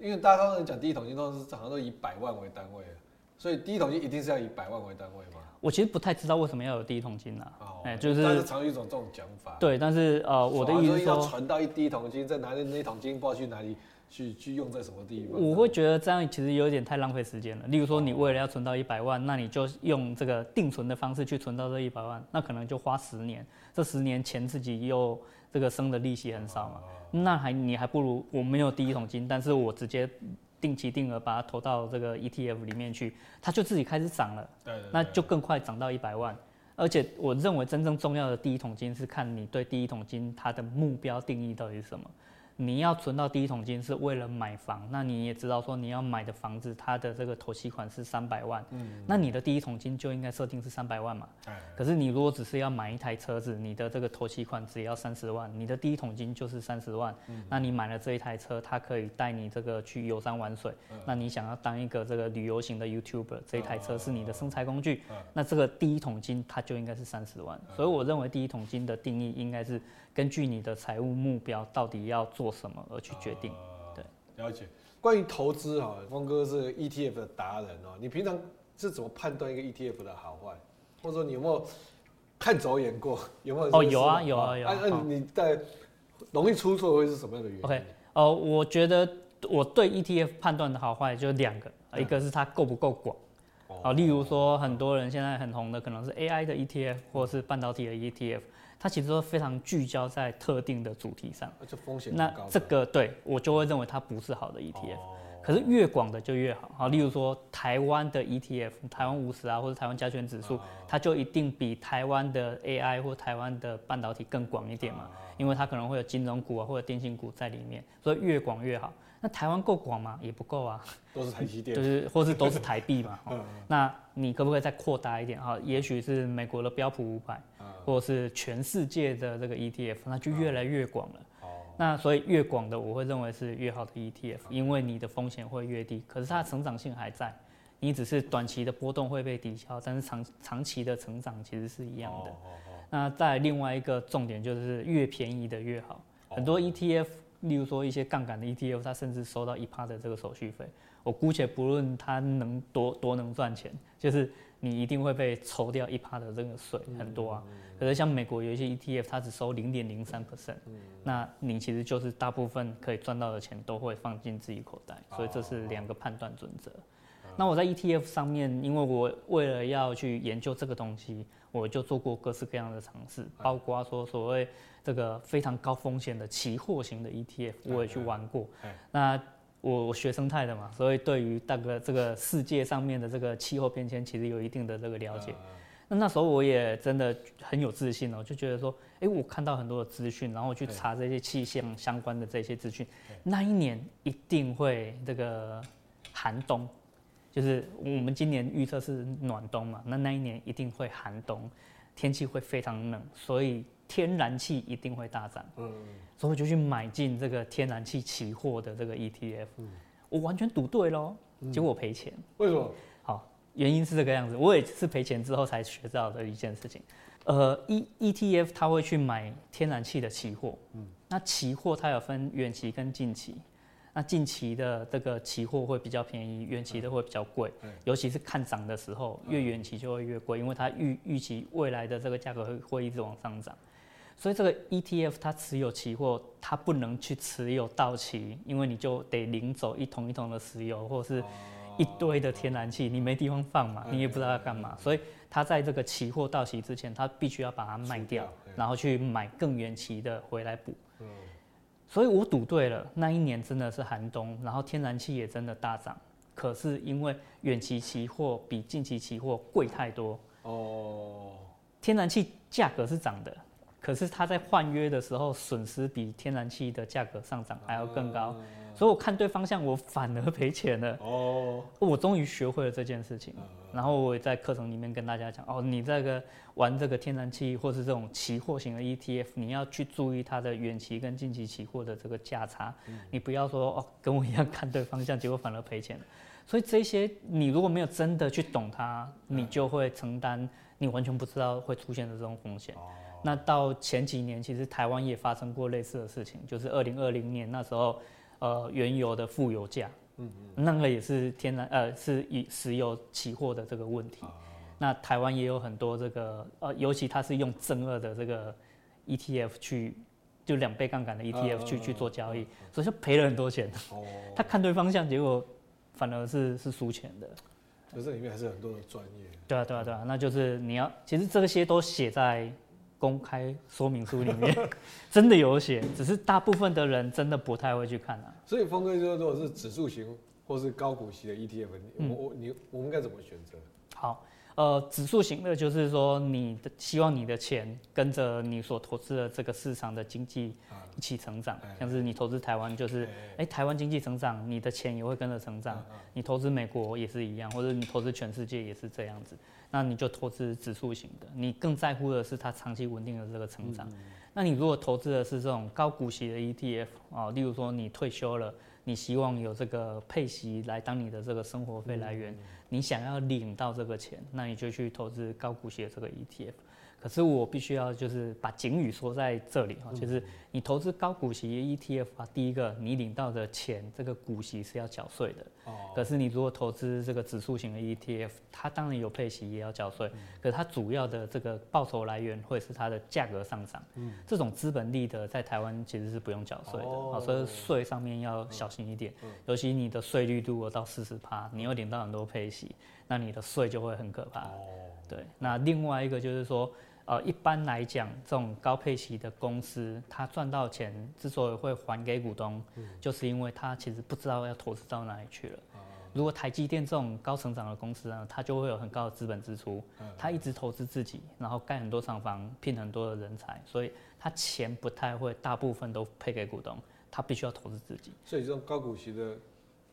因為大家剛常講第一桶金，都是好像都以百萬為單位，啊，所以第一桶金一定是要以百萬為單位嘛。我其實不太知道為什麼要有第一桶金吶，哎、哦哦欸，就是但是常有一種這種講法。對，但是呃，我的意思是說，存到一第一桶金，再拿着那一桶金不知道去哪裡去去用在什麼地方。我會覺得這樣其實有點太浪費時間了。例如說，你為了要存到一百萬，那你就用這個定存的方式去存到這一百萬，那可能就花十年，這十年錢自己又這個生的利息很少嘛。哦哦哦那還你還不如我沒有第一桶金，但是我直接定期定額把它投到這個 ETF 裡面去，它就自己開始漲了。對，對，那就更快漲到一百萬。而且我認為真正重要的第一桶金是看你對第一桶金它的目標定義到底是什麼。你要存到第一桶金是為了買房，那你也知道說你要買的房子它的這個頭期款是三百萬，嗯，那你的第一桶金就應該設定是三百萬嘛。嗯、可是你如果只是要買一台車子，你的這個頭期款只要三十萬，你的第一桶金就是三十萬。嗯、那你買了這一台車，它可以帶你這個去遊山玩水，嗯、那你想要當一個這個旅遊型的 YouTuber，這一台車是你的生財工具，嗯嗯、那這個第一桶金它就應該是三十萬。嗯、所以我認為第一桶金的定義應該是。根據你的財務目標到底要做什麼而去決定，對，嗯、了解。關於投資啊，鋒哥是 ETF 的達人哦、喔，你平常是怎麼判斷一個 ETF 的好壞，或者說你有沒有看走眼過，有沒有是是？哦，有啊，有啊，有。啊。那、啊好嗯、你在容易出錯會是什麼樣的原因？OK，哦、呃，我覺得我對 ETF 判斷的好壞就兩個，嗯、一個是它夠不夠廣，啊、哦，例如說很多人現在很紅的可能是 AI 的 ETF 或者是半導體的 ETF。它其實都非常聚焦在特定的主題上、啊這風險很高是不是，那這個對我就會認為它不是好的 ETF、哦。可是越廣的就越好好，例如說台灣的 ETF，台灣五十啊，或者台灣加權指數，哦、它就一定比台灣的 AI 或台灣的半導體更廣一點嘛，哦、因為它可能會有金融股啊或者電信股在裡面，所以越廣越好。那台灣夠廣嗎？也不夠啊，都是台積電，就是或是都是台幣嘛。嗯、 哦。那你可不可以再擴大一點啊、哦？也許是美國的標普五百、嗯，或者是全世界的這個 ETF，那就越來越廣了。哦、嗯。那所以越廣的，我會認為是越好的 ETF，嗯、因為你的風險會越低，可是它的成長性還在。你只是短期的波動會被抵消，但是長長期的成長其實是一樣的。哦、嗯。那再另外一個重點就是越便宜的越好，很多 ETF、嗯。例如說一些槓桿的 ETF，它甚至收到一趴的這個手續費，我姑且不論它能多多能賺錢，就是你一定會被抽掉一趴的這個稅很多啊。可是像美國有一些 ETF，它只收零點零三 percent，那你其實就是大部分可以賺到的錢都會放進自己口袋，所以這是兩個判斷準則。那我在 ETF 上面，因為我為了要去研究這個東西。我就做過各式各樣的嘗試，包括說所謂這個非常高風險的期貨型的 ETF，我也去玩過。嗯嗯嗯、那我，我學生態的嘛，所以對於大概這個世界上面的這個氣候變遷，其實有一定的這個了解。嗯嗯嗯、那那時候我也真的很有自信哦、喔，就覺得說，哎、欸，我看到很多的資訊，然後去查這些氣象相關的這些資訊，嗯嗯、那一年一定會這個寒冬。就是我們今年預測是暖冬嘛，那那一年一定會寒冬，天氣會非常冷，所以天然氣一定會大漲。嗯，所以我就去買進這個天然氣期貨的這個 ETF。嗯，我完全賭對嘍，結果我賠錢。為什麼？好，原因是這個樣子。我也是賠錢之後才學到的一件事情。呃，E ETF 它會去買天然氣的期貨。嗯，那期貨它有分遠期跟近期。那近期的這個期貨會比較便宜，遠期的會比較貴，嗯，尤其是看漲的時候，越遠期就會越貴，因為它預預期未來的這個價格會會一直往上漲，所以這個 ETF 它持有期貨，它不能去持有到期，因為你就得領走一桶一桶的石油或者是一堆的天然氣，你沒地方放嘛，你也不知道要幹嘛，所以它在這個期貨到期之前，它必須要把它賣掉，然後去買更遠期的回來補。所以我賭對了，那一年真的是寒冬，然後天然氣也真的大漲。可是因為遠期期貨比近期期貨貴太多哦，天然氣價格是漲的。可是他在換約的時候，損失比天然氣的價格上漲還要更高，所以我看對方向，我反而賠錢了。哦，我終於學會了這件事情。然後我也在課程裡面跟大家講，哦，你這個玩這個天然氣或是這種期貨型的 ETF，你要去注意它的遠期跟近期期貨的這個價差，你不要說哦，喔，跟我一樣看對方向，結果反而賠錢。所以這些你如果沒有真的去懂它，你就會承擔你完全不知道會出現的這種風險。那到前幾年，其實台灣也發生過類似的事情，就是二零二零年那時候，呃，原油的負油價、嗯，嗯那個也是天然呃是石油期貨的這個問題。啊、那台灣也有很多這個呃，尤其它是用正二的這個 ETF 去，就兩倍槓桿的 ETF 去、啊、去做交易，啊啊啊、所以就賠了很多錢。他、哦、看對方向，結果反而是是輸錢的。就這裡面還是很多的專業。對啊對啊對啊，嗯、那就是你要其實這些都寫在。公開說明書裡面真的有寫，只是大部分的人真的不太會去看啊。所以峰哥說，如果是指數型或是高股息的 ETF，我我你我們應該怎麼選擇？好。呃，指數型的，就是說你的希望你的錢跟着你所投資的這個市場的經濟一起成長，像是你投資台灣，就是哎、欸、台灣經濟成長，你的錢也會跟着成長。你投資美國也是一樣，或者你投資全世界也是這樣子，那你就投資指數型的，你更在乎的是它長期穩定的這個成長。那你如果投資的是這種高股息的 ETF 啊、呃，例如說你退休了。你希望有這個配息來當你的這個生活費來源，嗯嗯嗯、你想要領到這個錢，那你就去投資高股息的這個 ETF。可是我必須要就是把警語說在這裡啊，就是你投資高股息 ETF 啊，第一個你領到的錢這個股息是要繳稅的。哦。可是你如果投資這個指數型的 ETF，它當然有配息也要繳稅，可是它主要的這個報酬來源會是它的價格上漲。嗯。這種資本利得在台灣其實是不用繳稅的。哦。所以稅上面要小心一點，尤其你的稅率如果到四十趴，你又領到很多配息，那你的稅就會很可怕。對。那另外一個就是說。呃，一般來講，這種高配息的公司，它賺到錢之所以會還給股東，嗯、就是因為它其實不知道要投資到哪裡去了。嗯、如果台積電這種高成長的公司呢，它就會有很高的資本支出，它一直投資自己，嗯嗯，然後蓋很多廠房，聘很多的人才，所以它錢不太會大部分都配給股東，它必須要投資自己。所以這種高股息的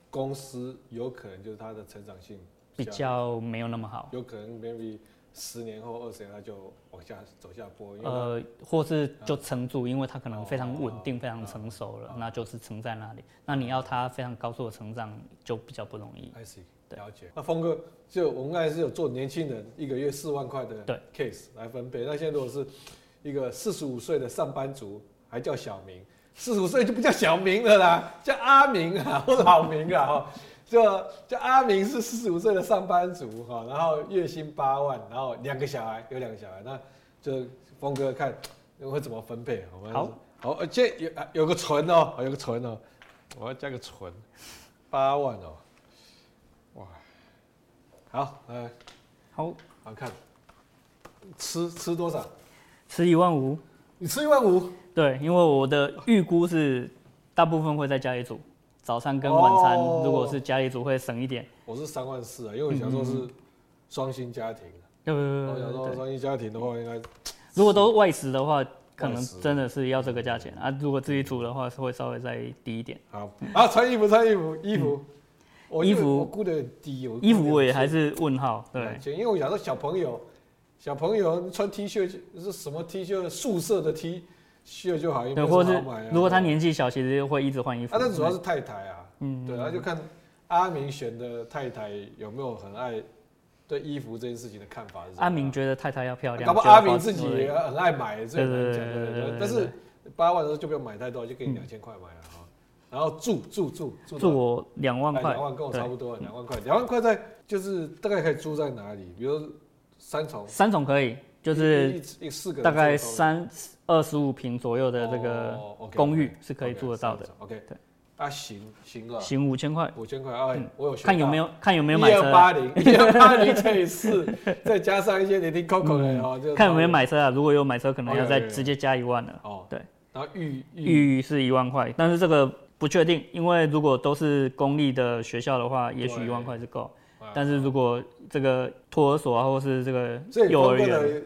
公司，有可能就是它的成長性比較，比較沒有那麼好，有可能 maybe。十年後、二十年他就往下走下坡，呃，或是就撐住，啊、因為他可能非常穩定、哦哦、非常成熟了，啊、那就是撐在那裡。啊、那你要他非常高速的成長，就比較不容易。I see，對了解。那鋒哥，就我們剛才是有做年輕人一個月四萬塊的 case 對來分配，那現在如果是一個四十五歲的上班族，還叫小明，四十五歲就不叫小明了啦，叫阿明啊， 或者老明啊。 就就阿明是四十五歲的上班族哈，然後月薪八萬，然後兩個小孩有兩個小孩，那就鋒哥看你會怎麼分配？我們好好，這有有個存哦，有個存哦，我要加個存，八萬哦，哇，好來,來，好，好看，吃吃多少？吃一萬五？你吃一萬五？對，因為我的預估是大部分會再加一組。早餐跟晚餐，如果是家裡煮會省一點，哦。我是三萬四啊，因為我想說是雙薪家庭。對我想說雙薪家庭的話應該，應該如果都外食的話，可能真的是要這個價錢啊。如果自己煮的話，是會稍微再低一點。好，啊，穿衣服穿衣服衣服，我、嗯、衣服、喔、我估得低，我估得很低衣服我也還是問號。對，對，因為我想說小朋友，小朋友穿 T 恤是什麼 T 恤？素色的 T。洗了就好，對，或者是如果他年紀小，其實就會一直換衣服。那主要是太太啊，嗯，對，然後就看阿明選的太太有沒有很愛對衣服這件事情的看法。阿明覺得太太要漂亮，搞不阿明自己也很愛買，對對對對對。但是八萬的時候就不要買太多，就給你兩千塊買了哈。然後住住住住，我兩萬塊，兩萬跟我差不多，兩萬塊，兩萬塊在就是大概可以租在哪裡？比如三重，三重可以。就是大概三二十五坪左右的這個公寓是可以住得到的。OK，對啊，行行了，行五千塊，五千塊啊、哎！我有看有沒有 180, 180口口、哦、看有沒有買車？八零，一八零乘以四，再加上一些零零扣扣的看有沒有買車啊！如果有買車，可能要再直接加一萬了。哦，對，然後預預是一萬塊，但是這個不確定，因為如果都是公立的學校的話，也許一萬塊是夠；但是如果這個托兒所啊，或是這個幼兒園。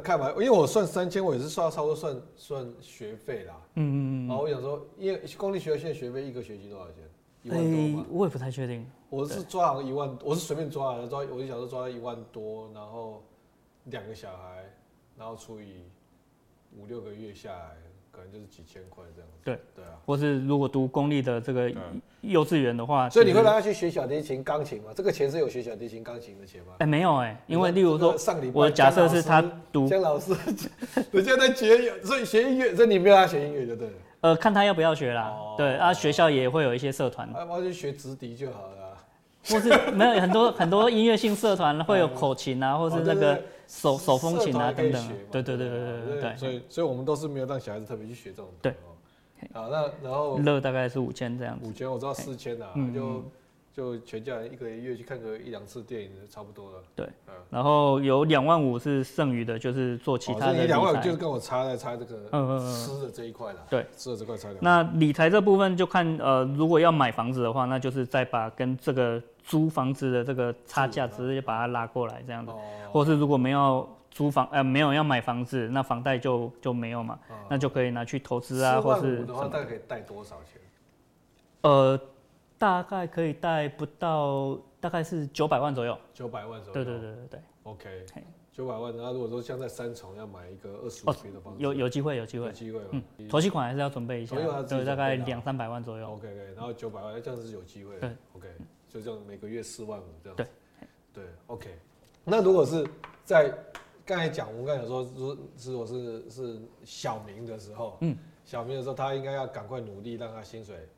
看完，因為我算三千，我也是算差不多算算學費啦。嗯，嗯嗯嗯。然後我想說，因為公立學校現在學費一個學期多少錢？欸、一萬多嗎？我也不太確定。我是抓到一萬，對我是隨便抓來的，抓我就想說抓了一萬多，然後兩個小孩，然後除以五六個月下來。可能就是幾千塊這樣子。對對啊，或是如果讀公立的這個幼稚園的話，所以你會讓他去學小提琴、鋼琴嗎？這個錢是有學小提琴、鋼琴的錢嗎？哎，沒有哎，因為例如說，上禮拜我假設是他讀江老師，人家在學，所以學音樂，所以你沒有要學音樂就對了。呃，看他要不要學啦。對啊，學校也會有一些社團，要不要去學直笛就好了？或是沒有很多很多音樂性社團會有口琴啊，或是那個。手手風琴啊，等等，啊，對對對對對對對，對對，所以所以我們都是沒有讓小孩子特別去學這種，哦。對，啊，那然後樂大概是五千這樣子。五千我知道四千的，okay，就，嗯。就全家人一個月去看個一兩次電影，差不多了。對，嗯、然後有兩萬五是剩餘的，就是做其他的理財。兩萬五、哦、就是跟我差在差這個，嗯，嗯嗯嗯，吃的這一塊了。對，吃的這塊差。那理財這部分就看，呃，如果要買房子的話，那就是再把跟這個租房子的這個差價直接把它拉過來這樣子。或是如果沒有租房，呃，沒有要買房子，那房貸就就沒有嘛，嗯嗯那就可以拿去投資啊，45 00 或是什麼。大概可以貸多少錢？呃。大概可以貸不到，大概是九百萬左右。九百萬左右。對對對對對。OK。九百萬，那如果說像在三重要買一個二十五坪的房子，哦，有有機會，有機會，有機會。嗯，頭期款還是要準備一下，哦，對，大概兩三百萬左右。OK，OK，然後九百萬，那這樣子是有機會。對，OK，就這樣，每個月四萬五這樣。對，對，OK。那如果是在剛才講，我剛才有說，如果是我是是小明的時候，嗯，小明的時候他應該要趕快努力，讓他薪水。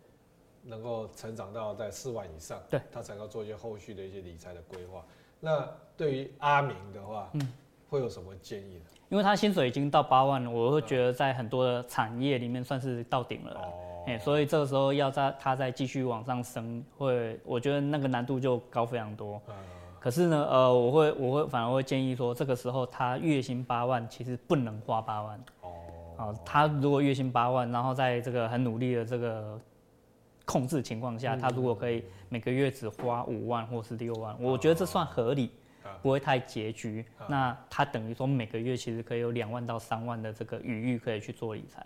能夠成長到在四萬以上，對，他才能夠做一些後續的一些理財的規劃。那對於阿明的話，嗯，會有什麼建議呢？因為他薪水已經到八萬了，我會覺得在很多的產業裡面算是到頂了。哦、嗯，哎、欸，所以這個時候要在他，他再繼續往上升，會我覺得那個難度就高非常多。嗯、可是呢，呃，我會我會反而會建議說，這個時候他月薪八萬，其實不能花八萬。哦、嗯，他如果月薪八萬，然後在這個很努力的這個。控制情況下，他如果可以每個月只花五萬或是六萬，我覺得這算合理，不會太拮據。那他等於說每個月其實可以有兩萬到三萬的這個餘裕可以去做理財。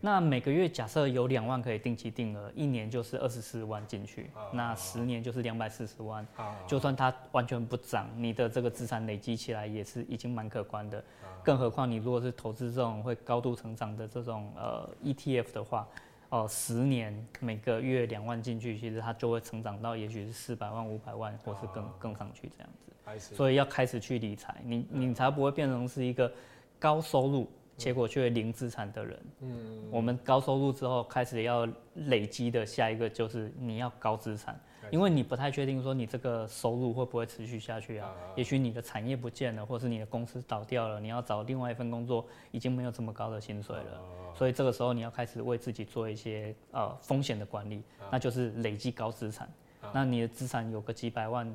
那每個月假設有兩萬可以定期定額，一年就是二十四萬進去，那十年就是兩百四十萬。就算它完全不漲，你的這個資產累積起來也是已經蠻可觀的。更何況你如果是投資這種會高度成長的這種呃 ETF 的話。哦、呃，十年每個月兩萬進去，其實它就會成長到也許是四百萬、五百萬，或是更更上去這樣子。啊、所以要開始去理財，你你才不會變成是一個高收入，嗯、結果卻零資產的人。嗯，我們高收入之後開始要累積的下一個就是你要高資產。因為你不太確定說你這個收入會不會持續下去啊，也許你的產業不見了，或是你的公司倒掉了，你要找另外一份工作，已經沒有這麼高的薪水了。所以這個時候你要開始為自己做一些呃風險的管理，那就是累積高資產。那你的資產有個幾百萬，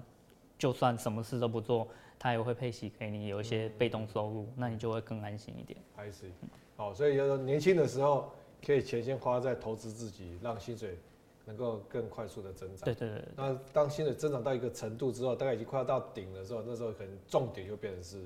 就算什麼事都不做，它也會配息給你，有一些被動收入，那你就會更安心一點、嗯。開心。好，所以就是年輕的時候，可以錢先花在投資自己，讓薪水。能夠更快速的增長，對對，對，對，那當新的增長到一個程度之後，大概已經快要到頂的時候，那時候可能重點就變成是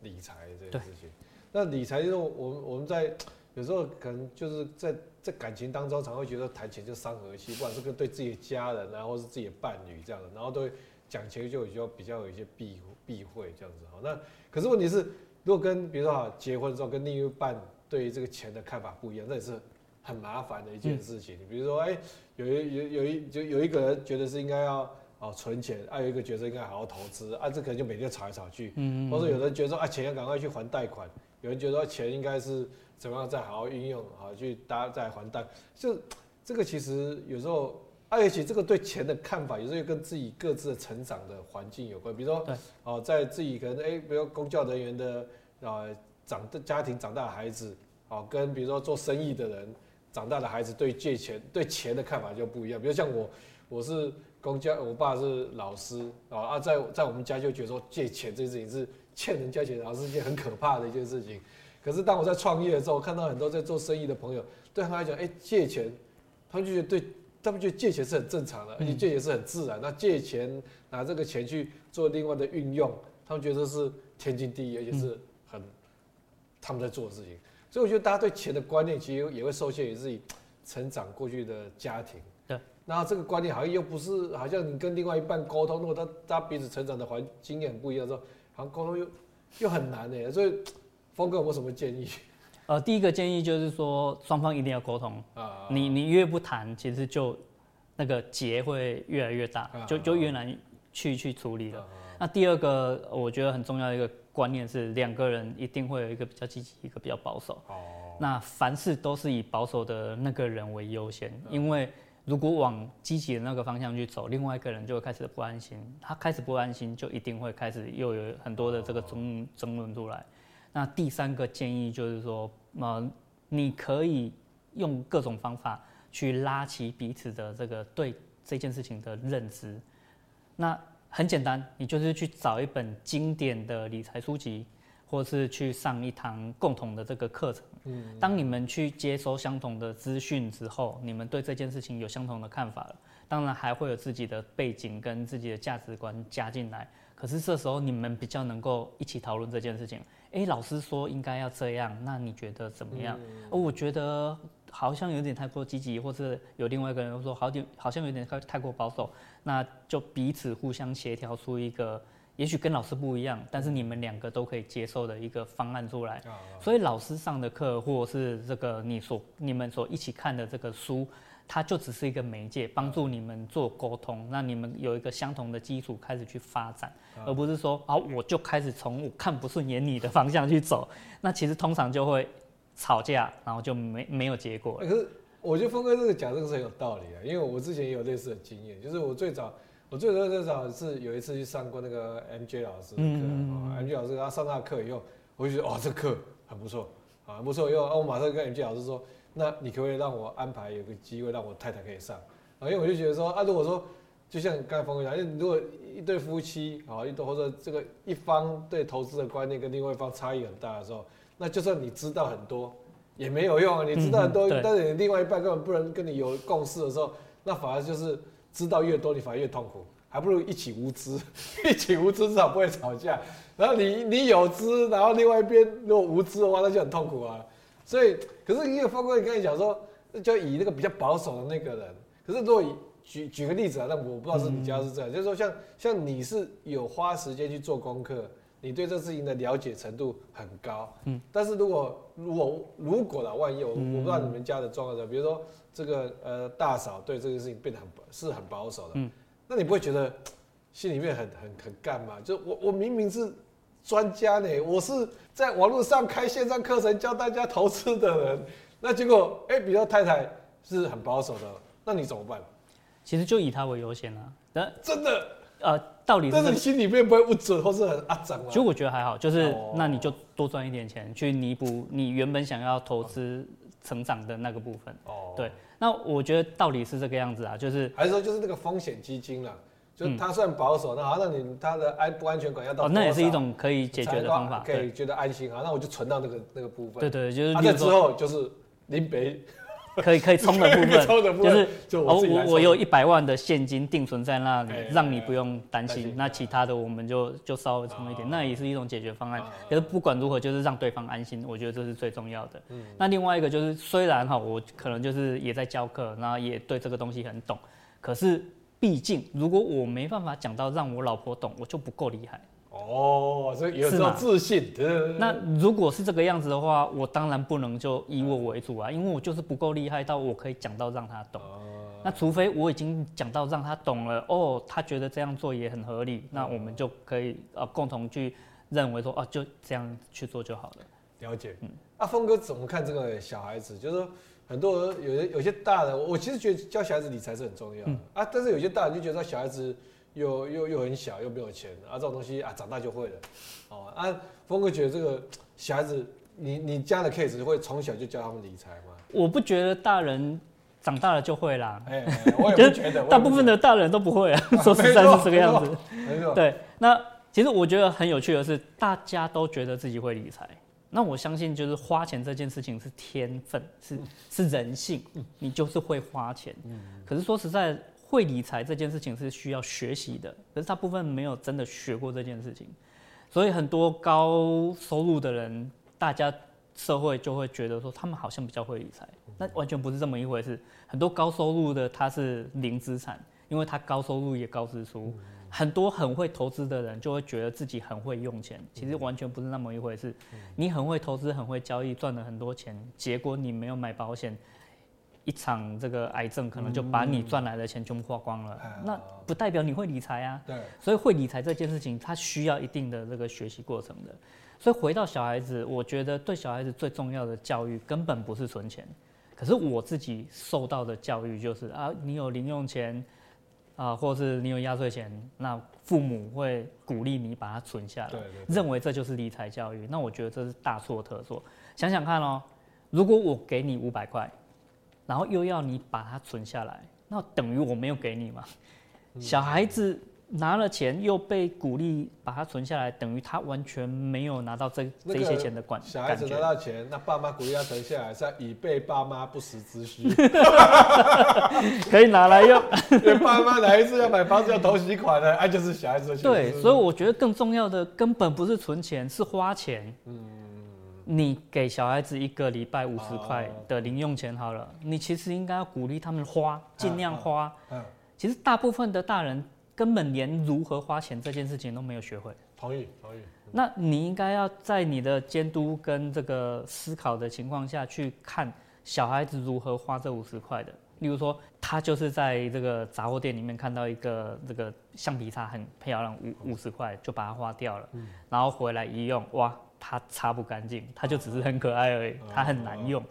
理財這些事情。對那理財就是我們我們在有時候可能就是在在感情當中，常會覺得談錢就傷和氣，不管是跟對自己的家人啊，或是自己的伴侶這樣的，然後都會講錢就比較比較有一些避避諱這樣子哈。那可是問題是，如果跟比如說哈，結婚之後跟另一半對於這個錢的看法不一樣，那也是。很麻煩的一件事情，比如說，哎、欸，有一有有一就有一個人覺得是應該要哦存錢，啊有一個覺得是應該好好投資，啊這可能就每天就吵一吵去，嗯，嗯，嗯，或者有人覺得說啊錢要趕快去還貸款，有人覺得說錢應該是怎麼樣再好好運用，好、啊、去搭再還貸，就這個其實有時候，而、啊、且這個對錢的看法有時候也跟自己各自的成長的環境有關，比如說，對哦在自己可能哎、欸，比如說公教人員的啊長的家庭長大的孩子，哦跟比如說做生意的人。長大的孩子對借錢、對錢的看法就不一樣。比如像我，我是公家，我爸是老師啊啊，在在我們家就覺得說借錢這件事情是欠人家錢，然後是一件很可怕的一件事情。可是當我在創業的時候，我看到很多在做生意的朋友，對他們來講，哎、欸，借錢，他們就覺得對，他們覺得借錢是很正常的，而且借錢是很自然。嗯、那借錢拿這個錢去做另外的運用，他們覺得是天經地義，而且是很他們在做的事情。所以我覺得大家對錢的觀念其實也會受限於自己成長過去的家庭。對。那這個觀念好像又不是，好像你跟另外一半溝通，如果他他彼此成長的環經驗不一樣之後好像溝通又又很難的。所以，鋒哥，有沒有什麼建議？呃，第一個建議就是說，雙方一定要溝通。啊。你你越不談，其實就那個結會越來越大就，就就越難去去處理了。那第二個，我覺得很重要的一個。觀念是兩個人一定會有一個比較積極，一個比較保守。Oh. 那凡事都是以保守的那個人為優先，對因為如果往積極的那個方向去走，另外一個人就會開始不安心。他開始不安心，就一定會開始又有很多的這個爭爭論出來。Oh. 那第三個建議就是說，嗯，你可以用各種方法去拉起彼此的這個對這件事情的認知。那很簡單，你就是去找一本經典的理財書籍，或是去上一堂共同的這個課程。嗯，當你們去接收相同的資訊之後，你們對這件事情有相同的看法了。當然還會有自己的背景跟自己的價值觀加進來，可是這時候你們比較能夠一起討論這件事情。誒，老師說應該要這樣，那你覺得怎麼樣？嗯。哦，我覺得好像有點太過積極，或是有另外一個人說好點，好像有點太太過保守。那就彼此互相協調出一個，也許跟老師不一樣，但是你們兩個都可以接受的一個方案出來。所以老師上的課，或是這個你所、你們所一起看的這個書。他就只是一個媒介，幫助你們做溝通，讓你們有一個相同的基礎開始去發展，而不是說啊我就開始從我看不順眼你的方向去走， 那其實通常就會吵架，然後就沒沒有結果。欸，可是我覺得峰哥這個講這個是很有道理啊，因為我之前也有類似的經驗，就是我最早我最早最早是有一次去上過那個 MJ 老師的課，MJ 老師他上那課以後，我就覺得哦這課很不錯啊，很不錯，以後、啊、我馬上跟 MJ 老師說。那你可不可以讓我安排有個機會，讓我太太可以上？啊，因為我就覺得說啊，如果說就像剛才鋒哥講，因為你如果一對夫妻，好，或者這個一方對投資的觀念跟另外一方差異很大的時候，那就算你知道很多也沒有用啊。你知道很多，但是你另外一半根本不能跟你有共識的時候，那反而就是知道越多，你反而越痛苦，還不如一起無知， 一起無知至少不會吵架。然後你你有知，然後另外一邊如果無知的話，那就很痛苦啊。所以，可是一發過你跟你講說，就以那個比較保守的那個人。可是，如果以舉舉個例子啊，那我不知道是你家是這樣，嗯、就是說像，像像你是有花時間去做功課，你對這事情的了解程度很高。嗯、但是，如果如果如果啦，萬一我我不知道你們家的狀況，嗯、比如說這個呃大嫂對這個事情變得很是很保守的，嗯、那你不會覺得心裡面很很很幹嘛？就我我明明是。專家呢？我是在網絡上開線上課程教大家投資的人，那結果哎、欸，比如說太太是很保守的，那你怎麼辦？其實就以他為優先啊。那真的，呃，道理是真的。但是你心裡面不會不准，或是很壓漲啊？其實我覺得還好，就是那你就多賺一點錢，去彌補你原本想要投資成長的那個部分。哦、嗯。對。那我覺得道理是這個樣子啊，就是還是說就是那個風險基金了、啊。就他算保守，那好，那你他的安不安全感要到哦，那也是一種可以解決的方法，可以覺得安心啊。那我就存到那個那個部分。對對，就是。那之後就是你別，可以可以充的部分，充的部分就是就我我我有一百萬的現金定存在那裡，讓你不用擔心。那其他的我們就就稍微充一點，那也是一種解決方案。可是不管如何，就是讓對方安心，我覺得這是最重要的。那另外一個就是，雖然哈，我可能就是也在教課，然後也對這個東西很懂，可是。畢竟，如果我沒辦法講到讓我老婆懂，我就不夠厲害。哦，所以有時候自信。是嗎？嗯、那如果是這個樣子的話，我當然不能就以我為主啊，嗯、因為我就是不夠厲害，到我可以講到讓他懂。嗯、那除非我已經講到讓他懂了，哦，他覺得這樣做也很合理，那我們就可以、嗯、啊共同去認為說，哦、啊，就這樣去做就好了。了解，嗯。那啊、峰哥怎麼看這個小孩子？就是說。很多有的有些大人，我其實覺得教小孩子理財是很重要的、嗯、啊。但是有些大人就覺得小孩子又又又很小，又沒有錢啊，這種東西啊，長大就會了。哦，啊，峰哥覺得這個小孩子，你你家的 case 會從小就教他們理財嗎？我不覺得大人長大了就會啦。哎、欸欸，我也不覺得。 大部分的大人都不會啊，說實在，是個這個樣子。沒錯。對，那其實我覺得很有趣的是，大家都覺得自己會理財。那我相信，就是花錢這件事情是天分，是是人性，你就是會花錢。可是說實在，會理財這件事情是需要學習的，可是大部分沒有真的學過這件事情。所以很多高收入的人，大家社會就會覺得說他們好像比較會理財，那完全不是這麼一回事。很多高收入的他是零資產，因為他高收入也高支出。很多很會投資的人就會覺得自己很會用錢，其實完全不是那麼一回事。你很會投資，很會交易，賺了很多錢，結果你沒有買保險，一場這個癌症可能就把你賺來的錢全部花光了。那不代表你會理財啊。對。所以會理財這件事情，它需要一定的這個學習過程的。所以回到小孩子，我覺得對小孩子最重要的教育根本不是存錢，可是我自己受到的教育就是啊，你有零用錢。啊、呃，或是你有壓歲錢，那父母會鼓勵你把它存下來，對，對，對。認為這就是理財教育。那我覺得這是大錯特錯。想想看哦，如果我給你五百塊，然後又要你把它存下來，那等於我沒有給你嘛？小孩子。嗯拿了錢又被鼓勵把它存下來，等於他完全沒有拿到這這些錢的管，小孩子拿到錢，感覺。那爸媽鼓勵要存下來，是以備爸媽不時之需， 可以拿來用。因 爸媽哪一次要買房子要頭期款呢？哎、啊，就是小孩子的錢。對，所以我覺得更重要的根本不是存錢，是花錢。嗯、你給小孩子一個禮拜五十塊的零用錢好了，你其實應該要鼓勵他們花，盡量花。嗯嗯嗯、其實大部分的大人。根本連如何花錢這件事情都沒有學會。同意，同意。那你應該要在你的監督跟這個思考的情況下去看小孩子如何花這五十塊的。例如說，他就是在這個雜貨店裡面看到一個這個橡皮擦很漂亮，五五十塊就把它花掉了。然後回來一用，哇，它擦不乾淨，它就只是很可愛而已，它很難用。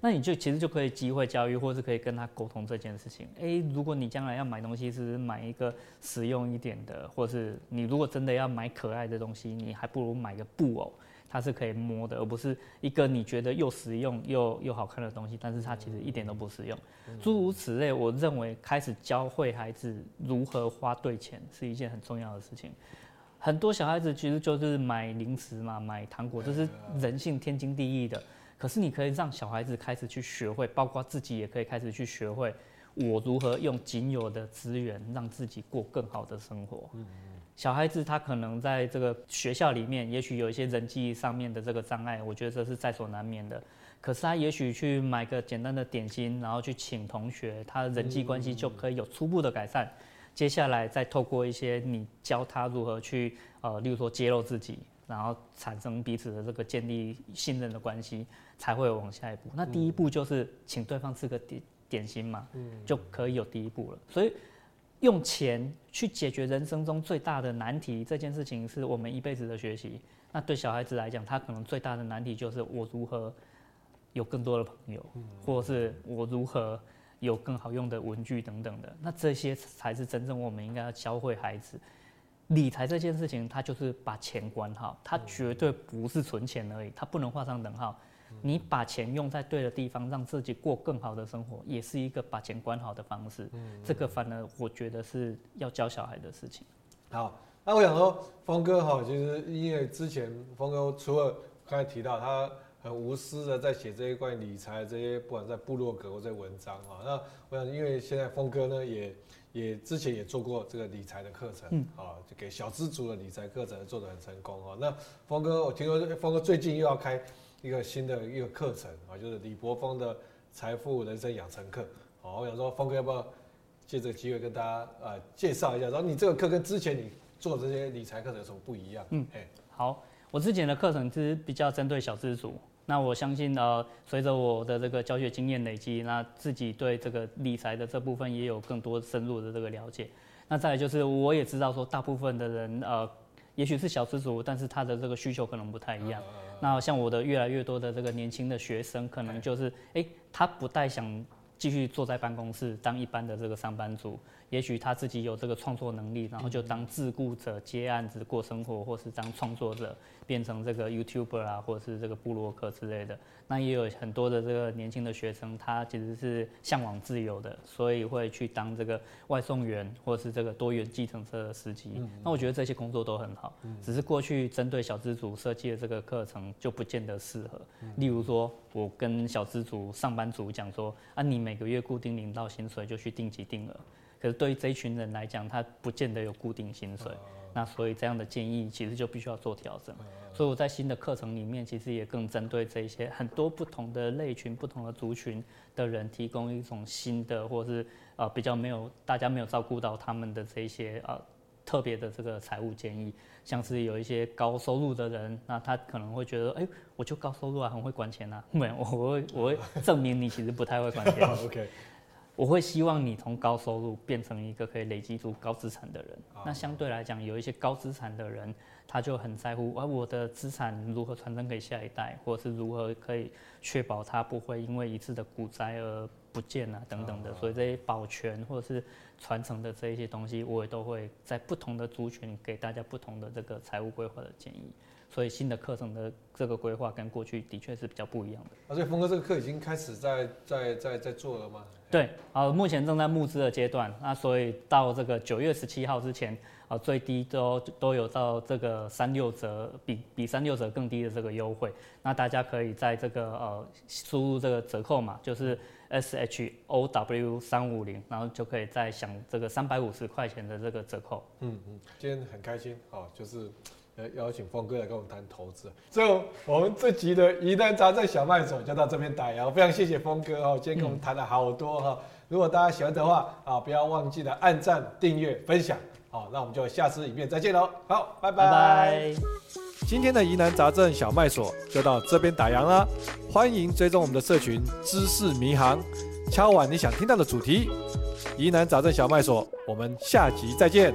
那你就其實就可以機會教育，或是可以跟他溝通這件事情。誒，如果你將來要買東西，是買一個實用一點的，或是你如果真的要買可愛的東西，你還不如買個布偶，它是可以摸的，而不是一個你覺得又實用又又好看的東西，但是它其實一點都不實用。嗯，諸如此類，我認為開始教會孩子如何花對錢是一件很重要的事情。很多小孩子其實就是買零食嘛，買糖果，這，就是人性天經地義的。可是你可以讓小孩子開始去學會，包括自己也可以開始去學會，我如何用僅有的資源讓自己過更好的生活。嗯嗯。小孩子他可能在這個學校裡面，也許有一些人際上面的這個障礙，我覺得這是在所難免的。可是他也許去買個簡單的點心，然後去請同學，他人際關係就可以有初步的改善。接下來再透過一些你教他如何去，呃，例如說揭露自己，然後產生彼此的這個建立信任的關係。才會往下一步。那第一步就是請對方吃個點點心嘛，就可以有第一步了。所以用錢去解決人生中最大的難題這件事情，是我們一輩子的學習。那對小孩子來講，他可能最大的難題就是我如何有更多的朋友，或者是我如何有更好用的文具等等的。那這些才是真正我們應該要教會孩子理財這件事情。他就是把錢管好，他絕對不是存錢而已，他不能畫上等號。你把錢用在對的地方，讓自己過更好的生活，也是一個把錢管好的方式。嗯，這個反而我覺得是要教小孩的事情。好，那我想說，鋒哥哈，其實因為之前鋒哥除了剛才提到他很無私的在寫這一塊理財這些，不管在部落格或者文章啊，那我想因為現在鋒哥呢也也之前也做過這個理財的課程，啊，就給小資族的理財課程做得很成功啊。那鋒哥，我聽說鋒哥最近又要開。一個新的一個課程啊，就是李柏鋒的財富人生養成課。好，我想說，鋒哥要不要借這個機會跟大家呃介紹一下？然後你這個課跟之前你做的這些理財課程有什麼不一樣？嗯，哎，好，我之前的課程其實比較針對小資族。那我相信呢，呃，隨著我的這個教學經驗累積，那自己對這個理財的這部分也有更多深入的這個了解。那再來就是，我也知道說，大部分的人呃。也許是小資族，但是他的這個需求可能不太一樣。那像我的越來越多的這個年輕的學生，可能就是，哎、欸，他不太想繼續坐在辦公室當一般的這個上班族。也許他自己有這個創作能力，然後就當自僱者接案子過生活，嗯、或是當創作者變成這個 YouTuber 啊，或是這個部落客之類的。那也有很多的這個年輕的學生，他其實是嚮往自由的，所以會去當這個外送員，或是這個多元計程車的司機。嗯嗯、那我覺得這些工作都很好，嗯、只是過去針對小資族設計的這個課程就不見得適合。嗯、例如說，我跟小資族上班族講說：啊，你每個月固定領到薪水就去定期定額。可是對於這一群人來講，他不見得有固定薪水，uh, 那所以這樣的建議其實就必須要做調整。Uh, 所以我在新的課程裡面，其實也更針對這一些很多不同的類群、不同的族群的人，提供一種新的或是、呃、比較沒有大家沒有照顧到他們的這一些、呃、特別的這個財務建議，像是有一些高收入的人，那他可能會覺得，哎、欸，我就高收入啊，很會管錢啊，沒有，我會，我會證明你其實不太會管錢。 okay. 我會希望你從高收入變成一個可以累積出高資產的人。那相對來講，有一些高資產的人，他就很在乎啊，我的資產如何傳承給下一代，或者是如何可以確保他不會因為一次的股災而不見啊，等等的。所以這些保全或者是傳承的這一些東西，我也都會在不同的族群給大家不同的這個財務規劃的建議。所以新的課程的這個規劃跟過去的確是比較不一樣的。啊，而且鋒哥這個課已經開始在在在在，在做了嗎？對，啊，目前正在募資的階段，那所以到這個九月十七號之前，啊，最低都都有到這個三六折，比比三六折更低的這個優惠，那大家可以在這個呃輸入這個折扣碼，就是 s h o w 三五零，然後就可以再享這個三百五十塊錢的這個折扣。嗯嗯，今天很開心啊，就是。邀請鋒哥來跟我們談投資，最後我們這集的疑難雜症小賣所就到這邊打烊，非常謝謝鋒哥哦，今天跟我們談了好多哈，如果大家喜歡的話啊，不要忘記了按讚、訂閱、分享，好，那我們就下次影片再見嘍，好，拜拜。拜拜 今天的疑難雜症小賣所就到這邊打烊了，歡迎追蹤我們的社群知識迷航，敲碗你想聽到的主題，疑難雜症小賣所，我們下集再見。